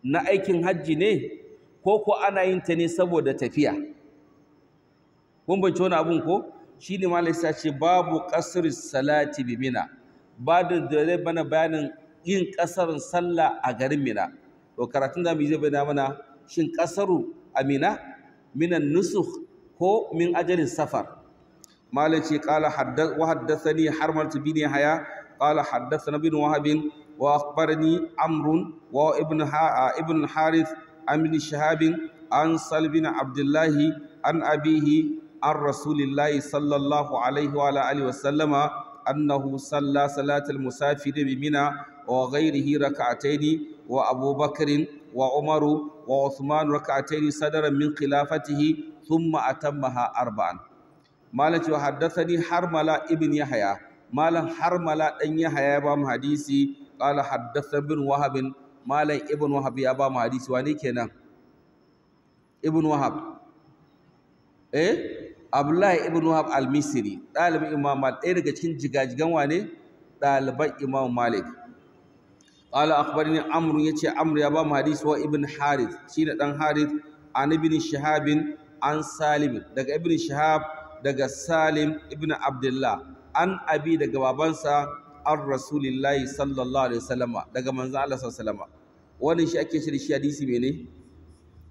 na aikin hajji ne ko ko ana yin ta ne saboda tafiya kun bance wani abun ko shi ne malaisa ce babu ƙasar salati bi mina ba da zai bana bayanin yin ƙasar sallah a garin mina to karatun da mu zai bayyana mana shin ƙasar amina minan nusuh ko min ajalin safar malaci qala haddath wa haddathani harmal bin haya qala haddathana bin wa akhbarani amr wa ibn ha ibn harith amn shahab an sal bin abdullah an abihi an rasulillahi sallallahu alaihi wa alihi wa sallama annahu salla salatal musafir bi mina wa ghairihi rak'ataini wa abubakar وعمر وعثمان ركعتين صدرا من خلافته ثم أتمها أربعا malam cewa mala harmala ibn haya? malam harmala dan ɗan ya ba mu hadisi qala haddasa bin wahab malam ibn wahab ya ba mu hadisi wane kenan ibn wahab eh abdullahi ibn wahab al-misri dalibin imam malik ɗaya daga cikin jigajigan wane ɗaliban imam malik qala akhbarani ya ce amr ya ba mu hadisi wa ibn harith shine ɗan harith an Ibin shihab an salim daga Ibin shihab daga Salim ibn Abdullah an abi daga babansa an Rasulillahi sallallahu alaihi wasallam daga manzo Allah sallallahu alaihi wannan shi ake shi shi hadisi mene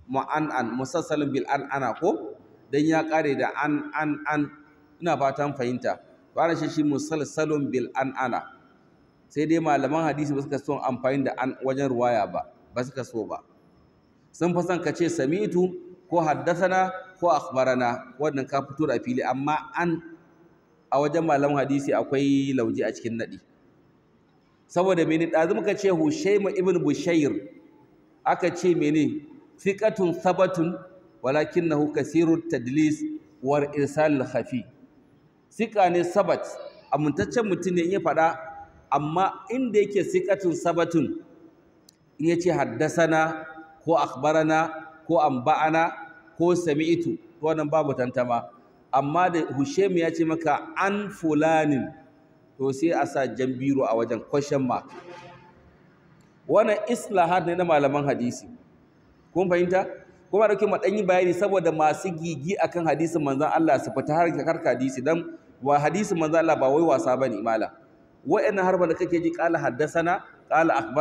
mu'an'an musassalin bil an-ana, ko dan ya kare da an an an ina fatan fahimta bara shi shi musalsalun bil an-ana. sai dai malaman hadisi ba suka so amfani da an wajen ruwaya ba ba suka so ba sun fa san ka ce sami'tu ko haddasana ko akhbarana wannan ka fito da fili amma an a wajen malamin hadisi akwai lauji a cikin nadi saboda mene ɗazu muka ce Hushaimu ibn Bushair aka ce meni thiqatun thabatun walakinahu kasirut tadlis war irsal khafi sika ne sabat amintaccen mutum ne in ya faɗa amma inda yake Sikatun sabatun in ya ce haddasana ko akhbarana ko ba'ana ko sami'itu wannan babu tantama amma da hushemu ya ce maka an fulanin to sai a sa jan biro a wajen question mark wannan islahat ne na malaman hadisi kun fahimta kuma da kuma dan bayani saboda masu gigi akan hadisin manzon Allah su fita har ka karka hadisi dan wa hadisin manzon Allah ba wai wasa bane mala wa'annan harba da kake ji haddasa na? qala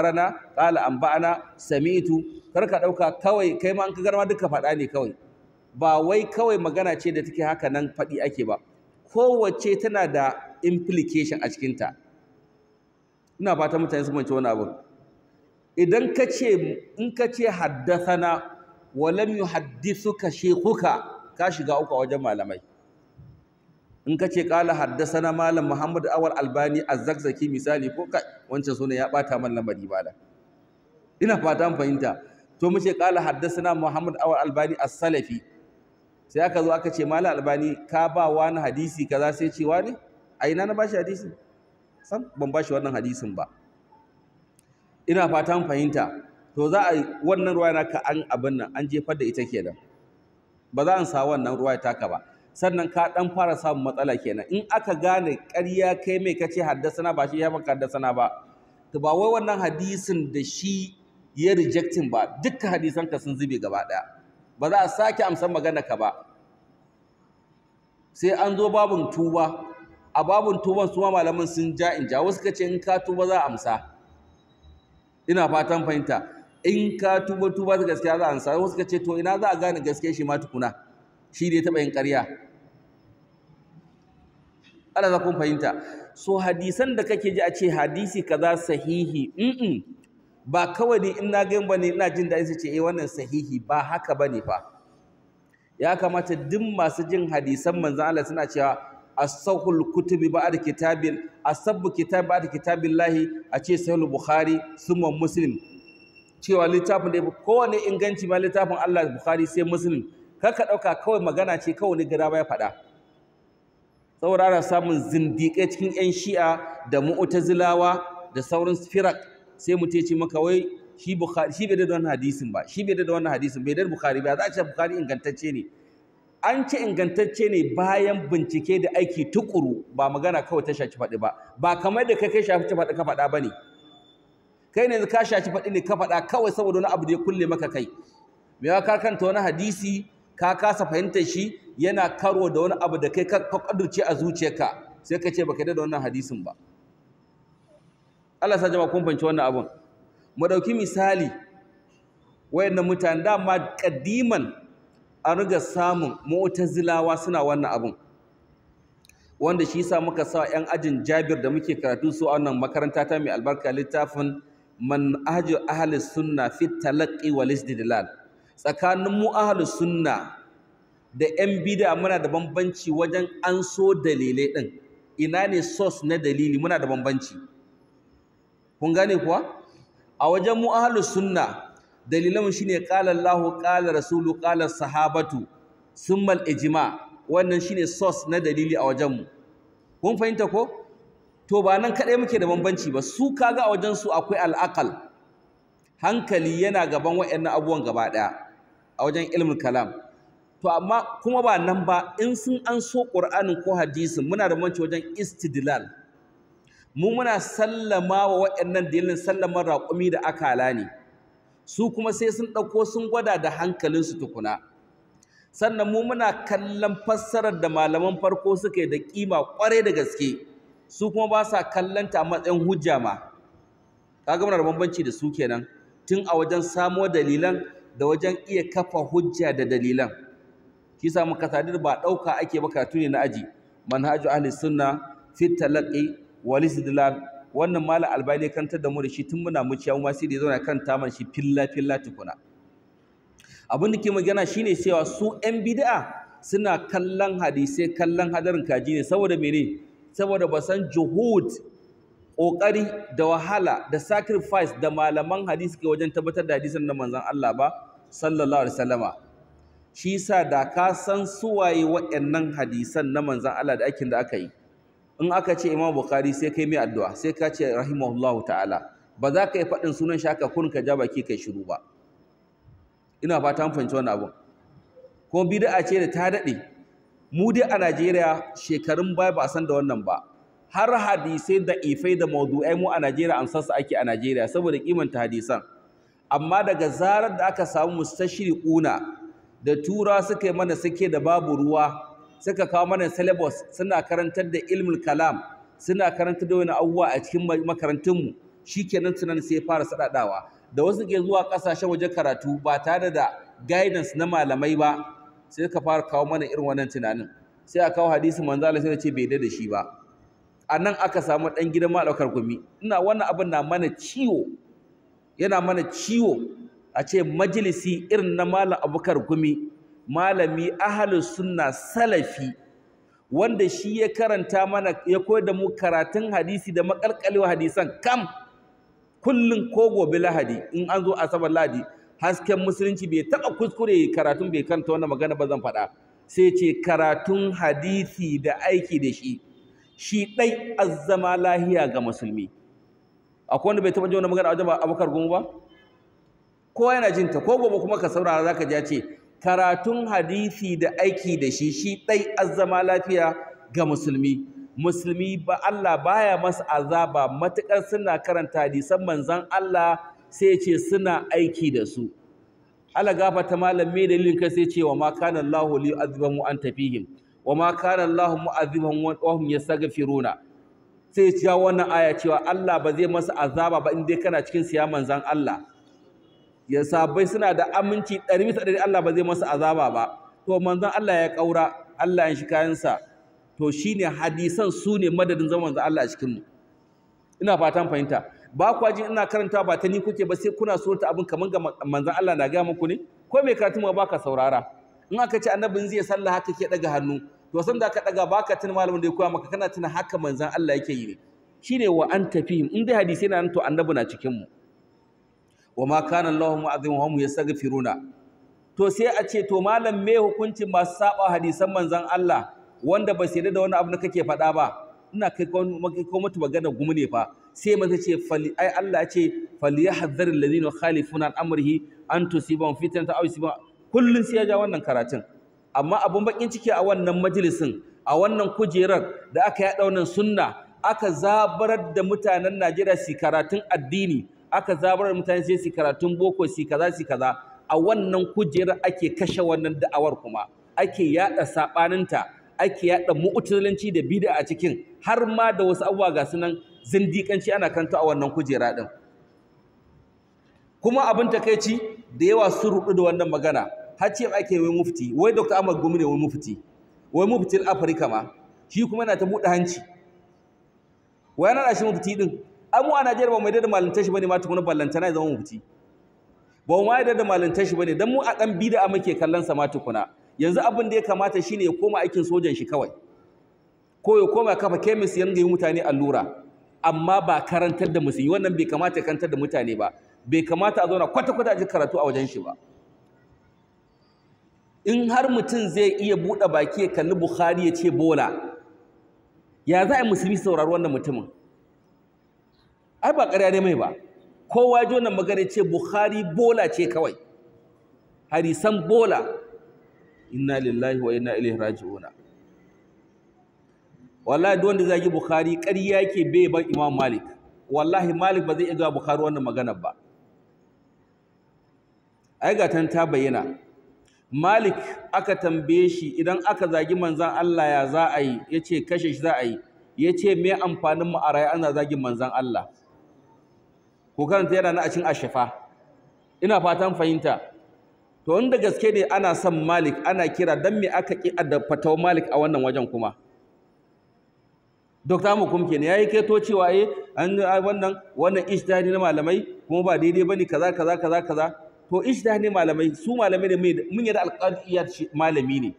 amba'ana, sami anba'ana Kar karka ɗauka kawai kai ma an ka garma duka faɗa ne kawai ba wai kawai magana ce da take haka nan faɗi ake ba kowace tana da implication a cikinta ina fata mutane su manci wani abu. idan ka ce in ka ce haddathana wa lam yuhaddithuka shaykhuka ka shiga uku a wajen malamai in ka ce ƙala haddasa na malam muhammad awar albani a zagzaki misali ko kai wancan sunan ya ɓata man lamari da. ina fata fahimta to mu ce ƙala haddasa na muhammad awar albani a salafi sai aka zo aka ce malam albani ka ba wani hadisi kaza sai ce wani a ina na bashi hadisi San ban bashi wannan hadisin ba ina fata fahimta to za a wannan ruwa ka an abin nan an jefar da ita kenan ba za a sa wannan ruwa taka ba sannan ka dan fara samun matsala kenan in aka gane ƙarya kai mai kace haddasana ba shi ya maka haddasana ba to ba wai wannan hadisin da shi ya rejectin ba dukkan hadisan ka sun zube gaba daya ba za a sake amsan magana ka ba sai an zo babun tuba a babun tuban su malaman sun ja in ja wasu kace in ka tuba za a amsa ina fatan fahimta in ka tuba tuba gaskiya za a amsa wasu kace to ina za a gane gaskiya shi ma tukuna shi ne ya taɓa yin ƙarya Allah za kun fahimta so hadisan da kake ji a ce hadisi kaza sahihi mm ba kawai ne ina gan ba ne ina jin daɗi su ce eh wannan sahihi ba haka ba ne fa ya kamata duk masu jin hadisan manzan Allah suna cewa asahul kutubi ba'd kitabil asabbu kitab kitabin lahi a ce sahih bukhari summa muslim cewa littafin da kowane inganci ma littafin Allah Bukhari sai Muslim kaka ka ɗauka kawai magana ce kawai wani gada ya faɗa saboda ana samun zindiƙai cikin 'yan shi'a da mu'tazilawa da sauran firak sai mu ce maka wai shi bukhari shi bai da wannan hadisin ba shi bai da wannan hadisin bai da bukhari ba za a ce bukhari ingantacce ne an ce ingantacce ne bayan bincike da aiki tukuru ba magana kawai ta shafi faɗi ba ba kamar da kai kai shafi faɗi ka faɗa ba ne kai ne ka shafi faɗi ne ka faɗa kawai saboda wani abu da ya kulle maka kai me ya karkanta wani hadisi ka kasa fahimtar shi yana karo da wani abu da kai ka kadurce a zuciyarka sai ka ce baka da wannan hadisin ba Allah sa jama'a kun fahimci wannan abun mu dauki misali wayannan mutane ma kadiman an riga samun mu'tazilawa suna wannan abun wanda shi yasa muka sa yan ajin Jabir da muke karatu su a wannan makaranta ta mai albarka littafin man ahli sunna fi talaqqi wal istidlal tsakanin mu ahlus sunna da yan bid'a muna da bambanci wajen an so dalilai din ina ne source na dalili muna da bambanci kun gane kuwa a wajen mu ahlus sunna dalilan shine qala Allahu qala rasulu qala sahabatu summal ijma wannan shine source na dalili a wajen mu kun fahimta ko to ba nan kaɗai muke da bambanci ba su kaga a wajensu akwai al'akal hankali yana gaban wa'annan abubuwan gaba ɗaya a wajen ilmin kalam to amma kuma ba nan ba in sun an so ƙur'anin ko hadisin muna da manci wajen istidlal mu muna sallama wa waɗannan dalilin sallaman raƙumi da akala ne su kuma sai sun ɗauko sun gwada da hankalinsu tukuna sannan mu muna kallon fassarar da malaman farko suka yi da ƙima kwarai da gaske su kuma ba sa kallonta a matsayin hujja ma kaga muna da bambanci da su kenan tun a wajen samo dalilan da wajen iya kafa hujja da dalilan shi sa ba ɗauka ake ba karatu ne na aji manhaju ahli sunna fi talaqi wal istidlal wannan malam albani kantar da mu da shi tun muna muciya mu sai da zauna kan man shi filla filla tukuna abin da ke magana shine cewa su yan bid'a suna kallon hadisi kallon hadarin kaji ne saboda mene saboda ba san juhud ƙoƙari da wahala da sacrifice da malaman hadisi ke wajen tabbatar da hadisin na manzon Allah ba sallallahu alaihi wasallama shi sa da ka san su suwaye waɗannan hadisan na manzan Allah da aikin da aka yi in aka ce Imam Bukhari sai kai mai addu'a sai ka ce rahimahullahu ta'ala ba za ka yi faɗin sunan shaka kun ka ja baki kai shiru ba ina fata an fahimci wannan abun kuma bid'a ce da ta daɗe mu dai a Najeriya shekarun baya ba a san da wannan ba har hadisai da ifai da maudu'ai mu a Najeriya sassa ake a Najeriya saboda kimanta hadisan amma daga zarar da aka samu ƙuna, da tura suka yi mana suke da babu ruwa suka kawo mana syllabus suna karantar da ilmul kalam suna karantar da wani abubuwa a cikin makarantunmu kenan tunan sai fara sadadawa da wasu ke zuwa kasashen waje karatu ba tare da guidance na malamai ba sai ka fara kawo mana irin wannan tunanin sai a kawo hadisi manzo Allah sai ya ce bai da da shi ba a nan aka samu ɗan gidan malaukar gumi ina wannan abin na mana ciwo yana mana ciwo a ce majalisi irin na malam abubakar gumi malami ahalus sunna salafi wanda shi ya karanta mana ya koyar da mu karatun hadisi da makalkalewa hadisan kam kullun ko gobe lahadi in an zo asabar lahadi hasken musulunci bai taɓa kuskure karatun bai karanta wannan magana ba zan faɗa sai ce karatun hadisi da aiki da shi shi ɗai azzama lahiya ga musulmi akwai wanda bai taɓa jin wani magana a wajen abokar gumu ba kowa yana jin ta ko gobe kuma ka saurara zaka ji ya ce karatun hadisi da aiki da shi shi ɗai azama lafiya ga musulmi musulmi ba Allah baya masa azaba matukar suna karanta hadisan manzon Allah sai ce suna aiki da su Allah gafarta malam me dalilin kai sai ce wa ma kana Allahu li azbamu anta fihim wa ma kana Allahu mu'adhibahum wa hum yastaghfiruna sai ya wannan aya cewa Allah ba zai masa azaba ba in dai kana cikin siya manzan Allah ya sabai suna da aminci ɗari bisa ɗari Allah ba zai masa azaba ba to manzan Allah ya ƙaura Allah ya shi kayansa to shine hadisan su ne madadin zaman manzan Allah a cikin mu ina fatan fahimta ba kwa jin ina karanta ba ta ni kuke ba sai kuna surta abin kamar ga manzan Allah na gaya muku ne ko mai karatu ma baka saurara in aka ce annabin zai sallah haka ke daga hannu to san da ka daga baka tun malamin da ya koya maka kana tuna haka manzan Allah yake yi ne shine wa an tafihim in dai hadisi na nan to annabi na cikin mu wa ma kana Allahu hum yastaghfiruna to sai a ce to malam me hukuncin masu saba hadisan manzan Allah wanda ba sai da wani abu da kake faɗa ba ina kai ko mutu magana gumu ne fa sai mata ce ai Allah ya ce yahdharu alladhina khalifuna an amrihi an tusibahum fitnatan aw yusibahum kullun sai ya ja wannan karatun amma abin bakin ciki a wannan majalisin a wannan kujerar da aka yaɗa wannan sunna aka zabarar da mutanen Najeriya su karatun addini aka zabarar mutane sai su karatun boko su kaza su kaza a wannan kujerar ake kashe wannan da'awar kuma ake yaɗa saɓaninta ake yaɗa mu'tazilanci da bid'a a cikin har ma da wasu abubuwa ga sunan zindikanci ana kanta a wannan kujera din. kuma abin takaici da yawa sun ruɗu da wannan magana har ce ake wai mufti wai dr ahmad gumi ne wai mufti wai muftin afirka ma shi kuma yana ta buɗe hanci wai yana shi mufti din amu a najeriya ba mu yarda da malintar shi bane ma tukuna ballantana yi zama mufti ba mu yarda da malinta shi bane dan mu a dan bid'a muke kallon sa ma tukuna yanzu abin da ya kamata shine ya koma aikin sojan shi kawai ko ya koma kafa kemis yanga ringa yi mutane allura amma ba karantar da musulmi wannan bai kamata ya karantar da mutane ba bai kamata a zauna kwata-kwata a ji karatu a wajen shi ba in har mutum zai iya buɗe baki ya kalli Bukhari ya ce bola ya za a yi musulmi saurari wannan mutumin ai ba ƙarya ne mai ba kowa ji wannan magana ce Bukhari bola ce kawai harisan bola inna lillahi wa inna ilaihi raji'un wallahi duk wanda zagi Bukhari ƙarya yake bai ban Imam Malik wallahi Malik ba zai iya ga Bukhari wannan magana ba ai ga tan ta bayyana Malik aka tambaye shi idan aka zagi manzan Allah ya za a yi ya ce kashe shi za a yi ya ce me amfanin mu a raye ana zagi manzan Allah ko karanta yana na a cin ashafa ina fatan fahimta to wanda gaske ne ana son Malik ana kira dan me aka ki da fatawa Malik a wannan wajen kuma Dr. ne ya yi keto cewa eh wannan wannan na malamai kuma ba daidai bane kaza kaza kaza kaza to ijtihad ne malamai su malamai ne mun yarda al shi malami ne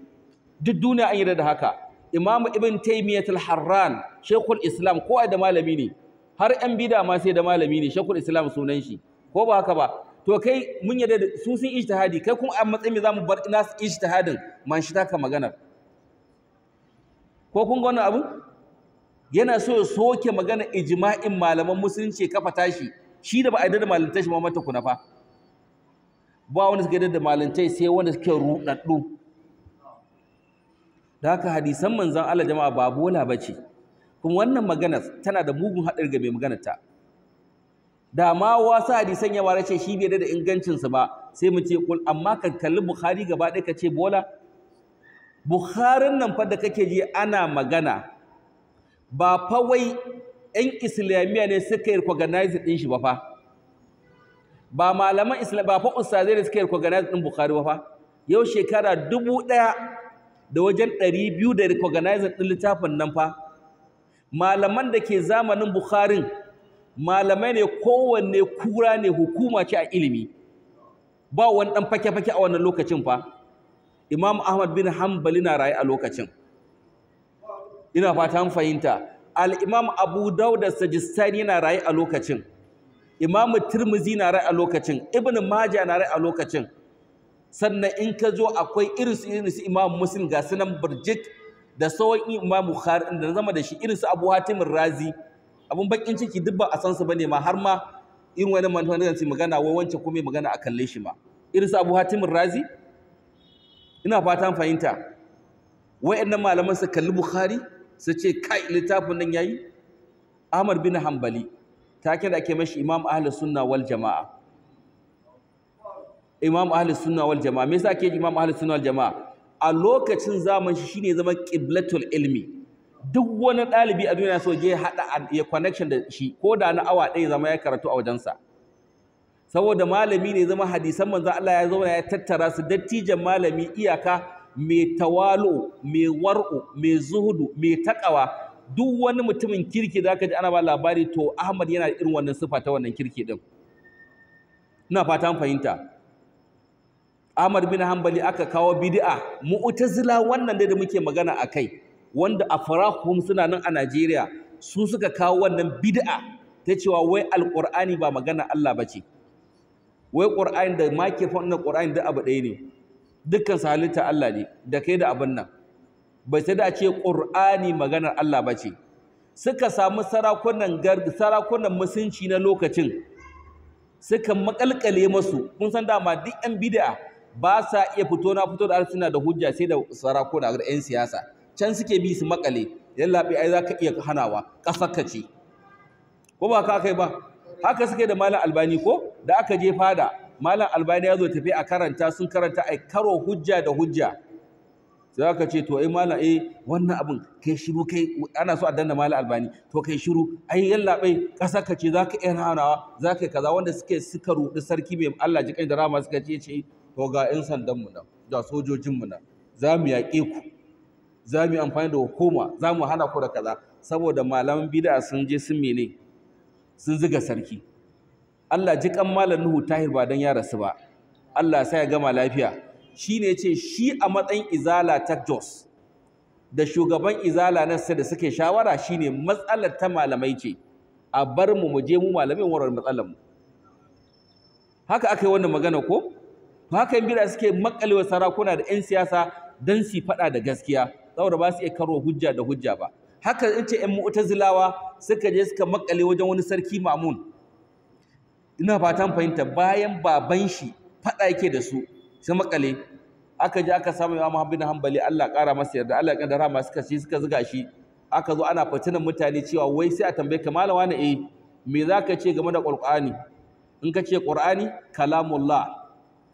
duk duniya an yarda da haka imam ibn taymiyah al-harran shaykhul islam ko da malami ne har yan bida ma sai da malami ne shaykhul islam sunan shi ko ba haka ba to kai mun yarda da su sun ijtihadi kai kuma a matsayin me zamu bar nasu ijtihadin man shi taka magana ko kun ga wannan abu yana so ya soke magana ijma'in malaman musulunci kafa tashi shi da ba a yarda da malantar shi ma mata kuna fa ba wani suka da malintai sai wanda suke rudaddu da haka hadisan manzan Allah jama'a ba bola ba ce kuma wannan magana tana da mugun hadari ga mai maganar ta da ma wasu hadisan yawa ce shi bai da ingancin ingancinsu ba sai mu ce kul amma kan kalli bukhari gaba ɗaya ka ce bola bukharin nan fa da kake ji ana magana ba fa wai 'yan islamiyya ne suka yi recognize din shi ba fa ba malaman islam ba fa ustazai da suka yi recognize din bukhari ba fa yau shekara dubu ɗaya da wajen ɗari biyu da recognizing ɗin littafin nan fa malaman da ke zamanin bukharin malamai ne kowanne kura ne hukuma ce a ilimi ba wani ɗan fake-fake a wannan lokacin fa imam ahmad bin hanbali na raye a lokacin ina fata fahimta al-imam abu dauda sajistani na rayu a lokacin imamu tirmizi na rai a lokacin ibn maja na rai a lokacin sannan in ka zo akwai irinsu irinsu imamu muslim ga sunan birjit da sauran imamu bukhari da zama da shi irinsu abu hatimin razi abun bakin ciki duk ba a san su bane ma har ma irin wani manufan da magana wai wancan kuma magana a kalle shi ma irinsu abu hatimin razi ina fatan fahimta wayannan malaman su kalli bukhari su ce kai littafin nan yayi ahmad bin hanbali take da ake mashi imam ahli sunna wal jama'a imam ahlus sunna wal jama'a me yasa ake imam ahlus sunna wal jama'a a lokacin zaman shi shine zaman qiblatul ilmi duk wani ɗalibi a duniya so ya haɗa ya connection da shi ko da na awa ɗaya zama ya karatu a sa saboda malami ne zama hadisan manzo Allah ya zauna ya tattara su dattijan malami iyaka mai tawalo mai war'u mai zuhudu mai takawa duk wani mutumin kirki ka ji ana ba labari to Ahmad yana irin wannan sifa ta wannan kirki din ina fata an fahimta Ahmad bin Hanbali aka kawo bid'a mu'tazila wannan da muke magana a kai, wanda afrahum suna nan a Najeriya su suka kawo wannan bid'a ta cewa wai alqur'ani ba magana Allah bace wai qur'ani da make fa wannan qur'ani da abu ɗaya ne dukkan halitta Allah ne da kai da abin nan bai sai da ce ƙur'ani maganar Allah ba ce suka samu sarakunan sarakunan musunci na lokacin suka makalkale masu kun san dama duk yan bid'a ba sa iya fito na fito da arsuna da hujja sai da sarakuna da yan siyasa can suke bi su makale bai ai za iya hanawa ƙasarka ce ko ba ka kai ba haka suke da malam albani ko da aka je fada malam albani ya zo tafi a karanta sun karanta ai karo hujja da hujja za ka ce to ai mala eh wannan abin kai shiru kai ana so a danna mala albani to kai shiru ai yallabai ƙasar ka ce za ka iya hanawa za ka kaza wanda suke suka ruɗi sarki mai Allah ji kai da rama suka ce ce to ga 'yan sandanmu nan da sojojinmu nan za mu yaƙe ku za mu yi amfani da hukuma za mu hana ku da kaza saboda malaman bid'a sun je sun mene sun ziga sarki Allah ji kan malan Nuhu Tahir ba dan ya rasu ba Allah sai ya gama lafiya shi ne ce shi a matsayin izala ta Jos da shugaban izala na da suke shawara shi ne matsalar ta malamai ce a bar mu mu mu malamai warware matsalar mu haka aka yi wannan magana ko haka yin bira suke makalewa sarakuna da 'yan siyasa don su faɗa da gaskiya saboda ba su iya karo hujja da hujja ba haka in ce 'yan mu'tazilawa suka je suka makale wajen wani sarki mamun ina fatan fahimta bayan baban shi faɗa yake da su sun makale aka je aka samu Imam Ahmad bin Hanbali Allah ƙara masa yarda Allah ya kaddara rahama suka shi suka zuga shi aka zo ana fatinan mutane cewa wai sai a tambaye ka malama ne eh me zaka ce game da Qur'ani in ka ce Qur'ani kalamullah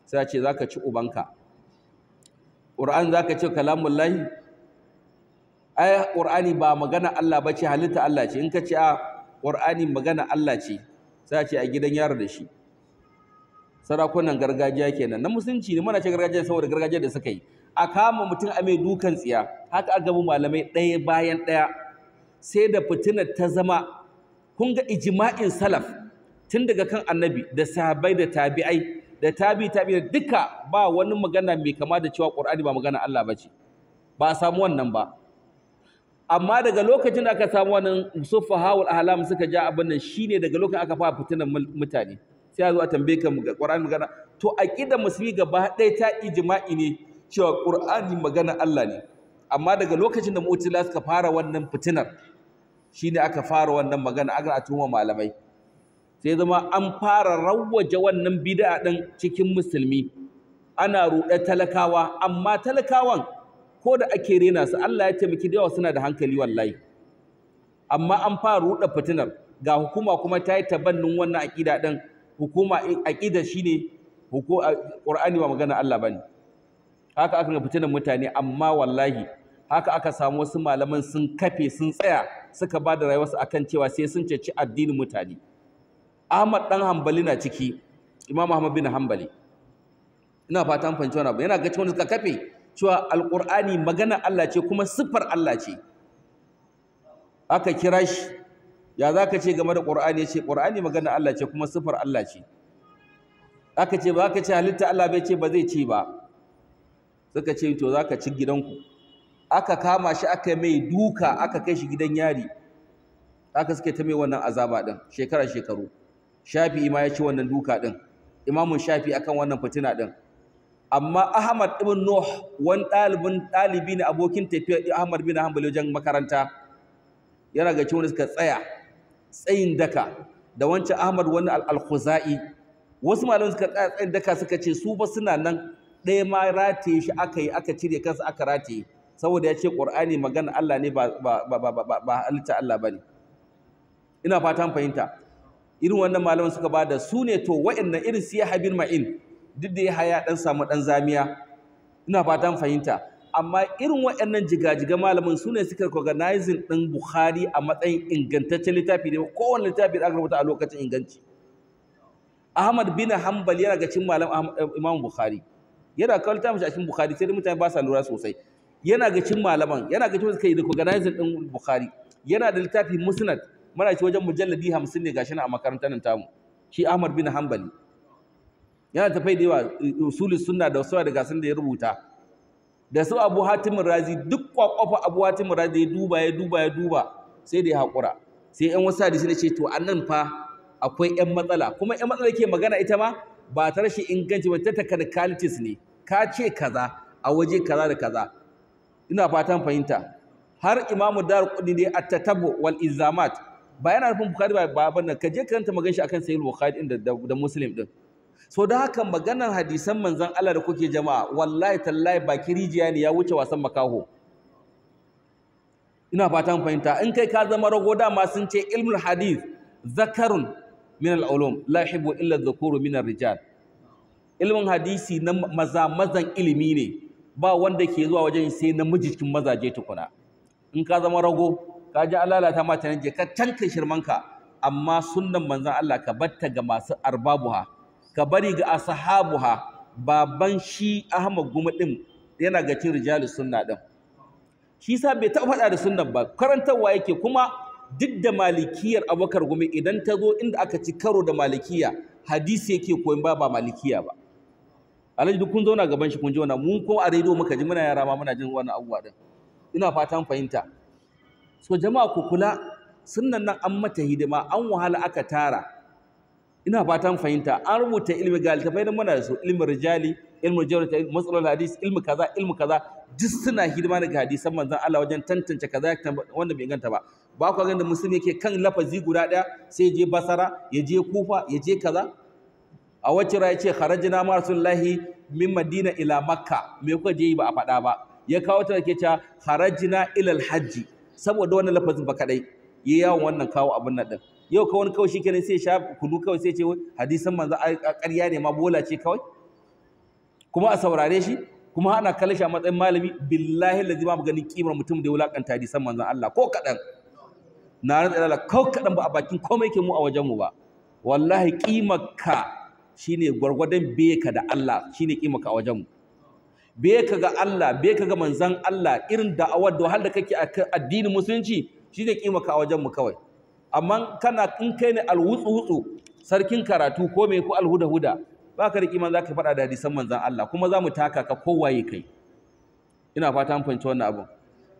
sai ce zaka ci ubanka Qur'an zaka ce kalamullah ai Qur'ani ba magana Allah bace halitta Allah ce in ka ce a ah, Qur'ani magana Allah ce sai ce a gidan yaro da shi sarakunan gargajiya kenan na musulunci ne muna ce gargajiya saboda gargajiya da suka yi a kama mutum a mai dukan tsiya haka a malamai ɗaya bayan ɗaya sai da fitina ta zama kun ga ijma'in salaf tun daga kan annabi da sahabai da tabi'ai da tabi tabi da duka ba wani magana mai kama da cewa qur'ani ba magana Allah ba ce ba a samu wannan ba amma daga lokacin da aka samu wannan sufaha wal ahlam suka ja abin nan shine daga lokacin aka fara fitinan mutane sai a zo a tambaye ka Qur'ani magana to aqidar musulmi gaba ɗaya ta jima'i ne cewa Qur'ani magana Allah ne amma daga lokacin da mu'tazila suka fara wannan fitinar shine aka fara wannan magana aka a tuma malamai sai zama an fara rawaje wannan bid'a din cikin musulmi ana ruɗe talakawa amma talakawan ko da ake rena su Allah ya taimaki da yawa suna da hankali wallahi amma an fara ruɗe fitinar ga hukuma kuma ta yi tabannin wannan aƙida ɗin hukuma shi ne ƙurani wa magana Allah ne haka aka da mutane amma wallahi haka aka samu wasu malaman sun kafe sun tsaya suka ba da rayuwarsu akan cewa sai sun ceci addinin mutane Ahmad dan hambali na ciki Imam Ahmad bin hambali. ina fata an wani abu yana ga cewa suka kafe cewa Alƙur'ani magana Allah ce kuma siffar Allah ce aka kira shi ya za ka ce game da ƙur'ani ya ce ƙur'ani magana Allah ce kuma siffar Allah ce aka ce ba ka ce halitta Allah bai ce ba zai ce ba suka ce to za ka ci gidanku aka kama shi aka mai duka aka kai shi gidan yari aka suke ta mai wannan azaba ɗin shekara shekaru shafi ma ya ci wannan duka ɗin imamun shafi akan wannan fitina ɗin amma Ahmad ibn Nuh wani ɗalibin ɗalibi ne abokin tafiya, Ahmad bin Hanbal wajen makaranta yana ga cewa suka tsaya tsayin daka da wancan Ahmad wani al-Khuzai wasu malamai suka tsaya tsayin daka suka ce su ba suna nan ɗaya ma rataye shi aka yi aka cire kansa aka rataye saboda ya ce ƙur'ani magana Allah ne ba halitta Allah ba ne ina fatan fahimta irin wannan malamai suka ba da su ne to wa'annan irin siya habin ma'in duk da ya haya ɗan samu ɗan zamiya ina fatan fahimta amma irin waɗannan jigajiga malamin su ne suka recognizing ɗin bukhari a matsayin ingantaccen littafi ne kowane littafi da aka rubuta a lokacin inganci ahmad bin hanbal yana ga cin malam eh, imam bukhari yana kawo littafin shi a cikin bukhari sai mutane ba sa lura sosai yana ga cin malaman yana ga cin suka yi recognizing ɗin bukhari yana da littafi musnad muna ci wajen mujalladi hamsin ne gashi na a makarantar nan tamu shi ahmad bin hanbali yana tafai da yawa eh, usulul sunna da wasu daga sun da ya rubuta da su abu hatimin razi duk kwakwafa abu hatimin razi ya duba ya duba ya duba sai da ya haƙura sai yan wasu shi na ce to nan fa akwai yan matsala kuma yan matsala ke magana ita ma ba ta rashin inganci ba ta technicalities ne ka ce kaza a waje kaza da kaza ina fatan fahimta har imamu darqutni ne at-tatabbu wal izamat ba yana nufin bukhari ba ba ka je karanta magan shi akan sahih bukhari din da muslim din so da haka maganar hadisan manzon Allah da kuke jama'a wallahi tallahi baki rijiya ne ya wuce wasan makaho ina fatan fahimta in kai ka zama rago dama sun ce ilmul hadith zakarun min al-ulum la yuhibbu illa dhukuru min ar-rijal ilmin hadisi na maza mazan ilimi ne ba wanda ke zuwa wajen sai namiji cikin mazaje tukuna in ka zama rago ka ji ta mata ne ka tanka shirmanka amma sunnan manzon Allah ka batta ga masu arbabuha ka bari ga ashabuha baban shi Ahmad Guma din yana ga cin rijalus sunna din shi sa bai taɓa faɗa da sunnan ba karantarwa yake kuma duk da malikiyar abakar gumi idan ta zo inda aka ci karo da malikiya hadisi yake koyon ba ba malikiya ba alhaji duk kun zauna gaban shi kun ji wannan mun ko a rediyo muka ji muna yara ma muna jin wannan abubuwa din ina fatan fahimta so jama'a ku kula sunnan nan an mata hidima an wahala aka tara ina fatan fahimta an rubuta ilmi ga littafai da muna da su ilmin rijali ilmin jawrata matsalolin hadis ilmi kaza ilmi kaza duk suna hidima daga hadisan manzon Allah wajen tantance kaza wanda bai ganta ba ba ku ganin da musulmi yake kan lafazi guda daya sai je basara ya je kufa ya je kaza a wacce ra yace kharajna ma rasulullahi min madina ila makka me kuka je ba a faɗa ba ya kawo ta ke ta kharajna ila alhaji saboda wannan lafazin ba kadai yayi yawon wannan kawo abin nan din yau ka wani kawai shi kenan sai sha kudu kawai sai ce hadisan manzo a ƙarya ne ma bola ce kawai kuma a saurare shi kuma ana kallon shi a matsayin malami billahi lazi ba mu ganin kimar mutum da ya wulakanta hadisan manzo Allah ko kaɗan na rantsa Allah ko kaɗan ba a bakin komai ke mu a wajen mu ba wallahi kimarka shine gwargwadon beka da Allah shine kimarka a wajen mu beka ga Allah beka ga manzon Allah irin da'awar da wahal da kake a addinin musulunci shine kimarka a wajen mu kawai amma kana in kai ne alwutsu wutsu sarkin karatu ko me ko alhuda huda riƙi da za zaka faɗa da hadisan manzan Allah kuma za mu taka ka kowaye kai ina fata an fahimci wannan abin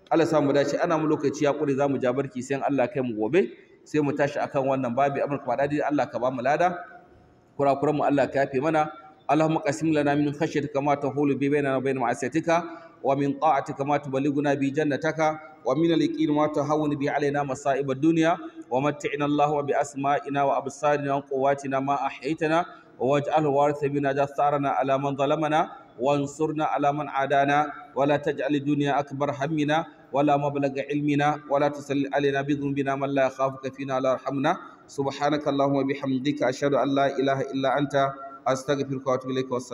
Allah samu dace ana mu lokaci ya kure mu ja barki sai Allah kai mu gobe sai mu tashi akan wannan babi abin ka faɗa da Allah ka ba mu lada kurakuran mu Allah ka yafe mana lana min khashyatika ma tahulu bi bainana wa وبين ma'asiyatika ومن طاعتك ما تبلغنا بجنتك ومن اليقين ما تهون به علينا مصائب الدنيا ومتعنا اللهم بأسمائنا وأبصارنا وقواتنا ما أحييتنا واجعله وارث منا جثارنا على من ظلمنا وانصرنا على من عادانا ولا تجعل الدنيا أكبر همنا ولا مبلغ علمنا ولا تسل علينا بذنوبنا من لا يخافك فينا ولا يرحمنا سبحانك اللهم وبحمدك أشهد أن لا إله إلا أنت أستغفرك وأتوب إليك والسلام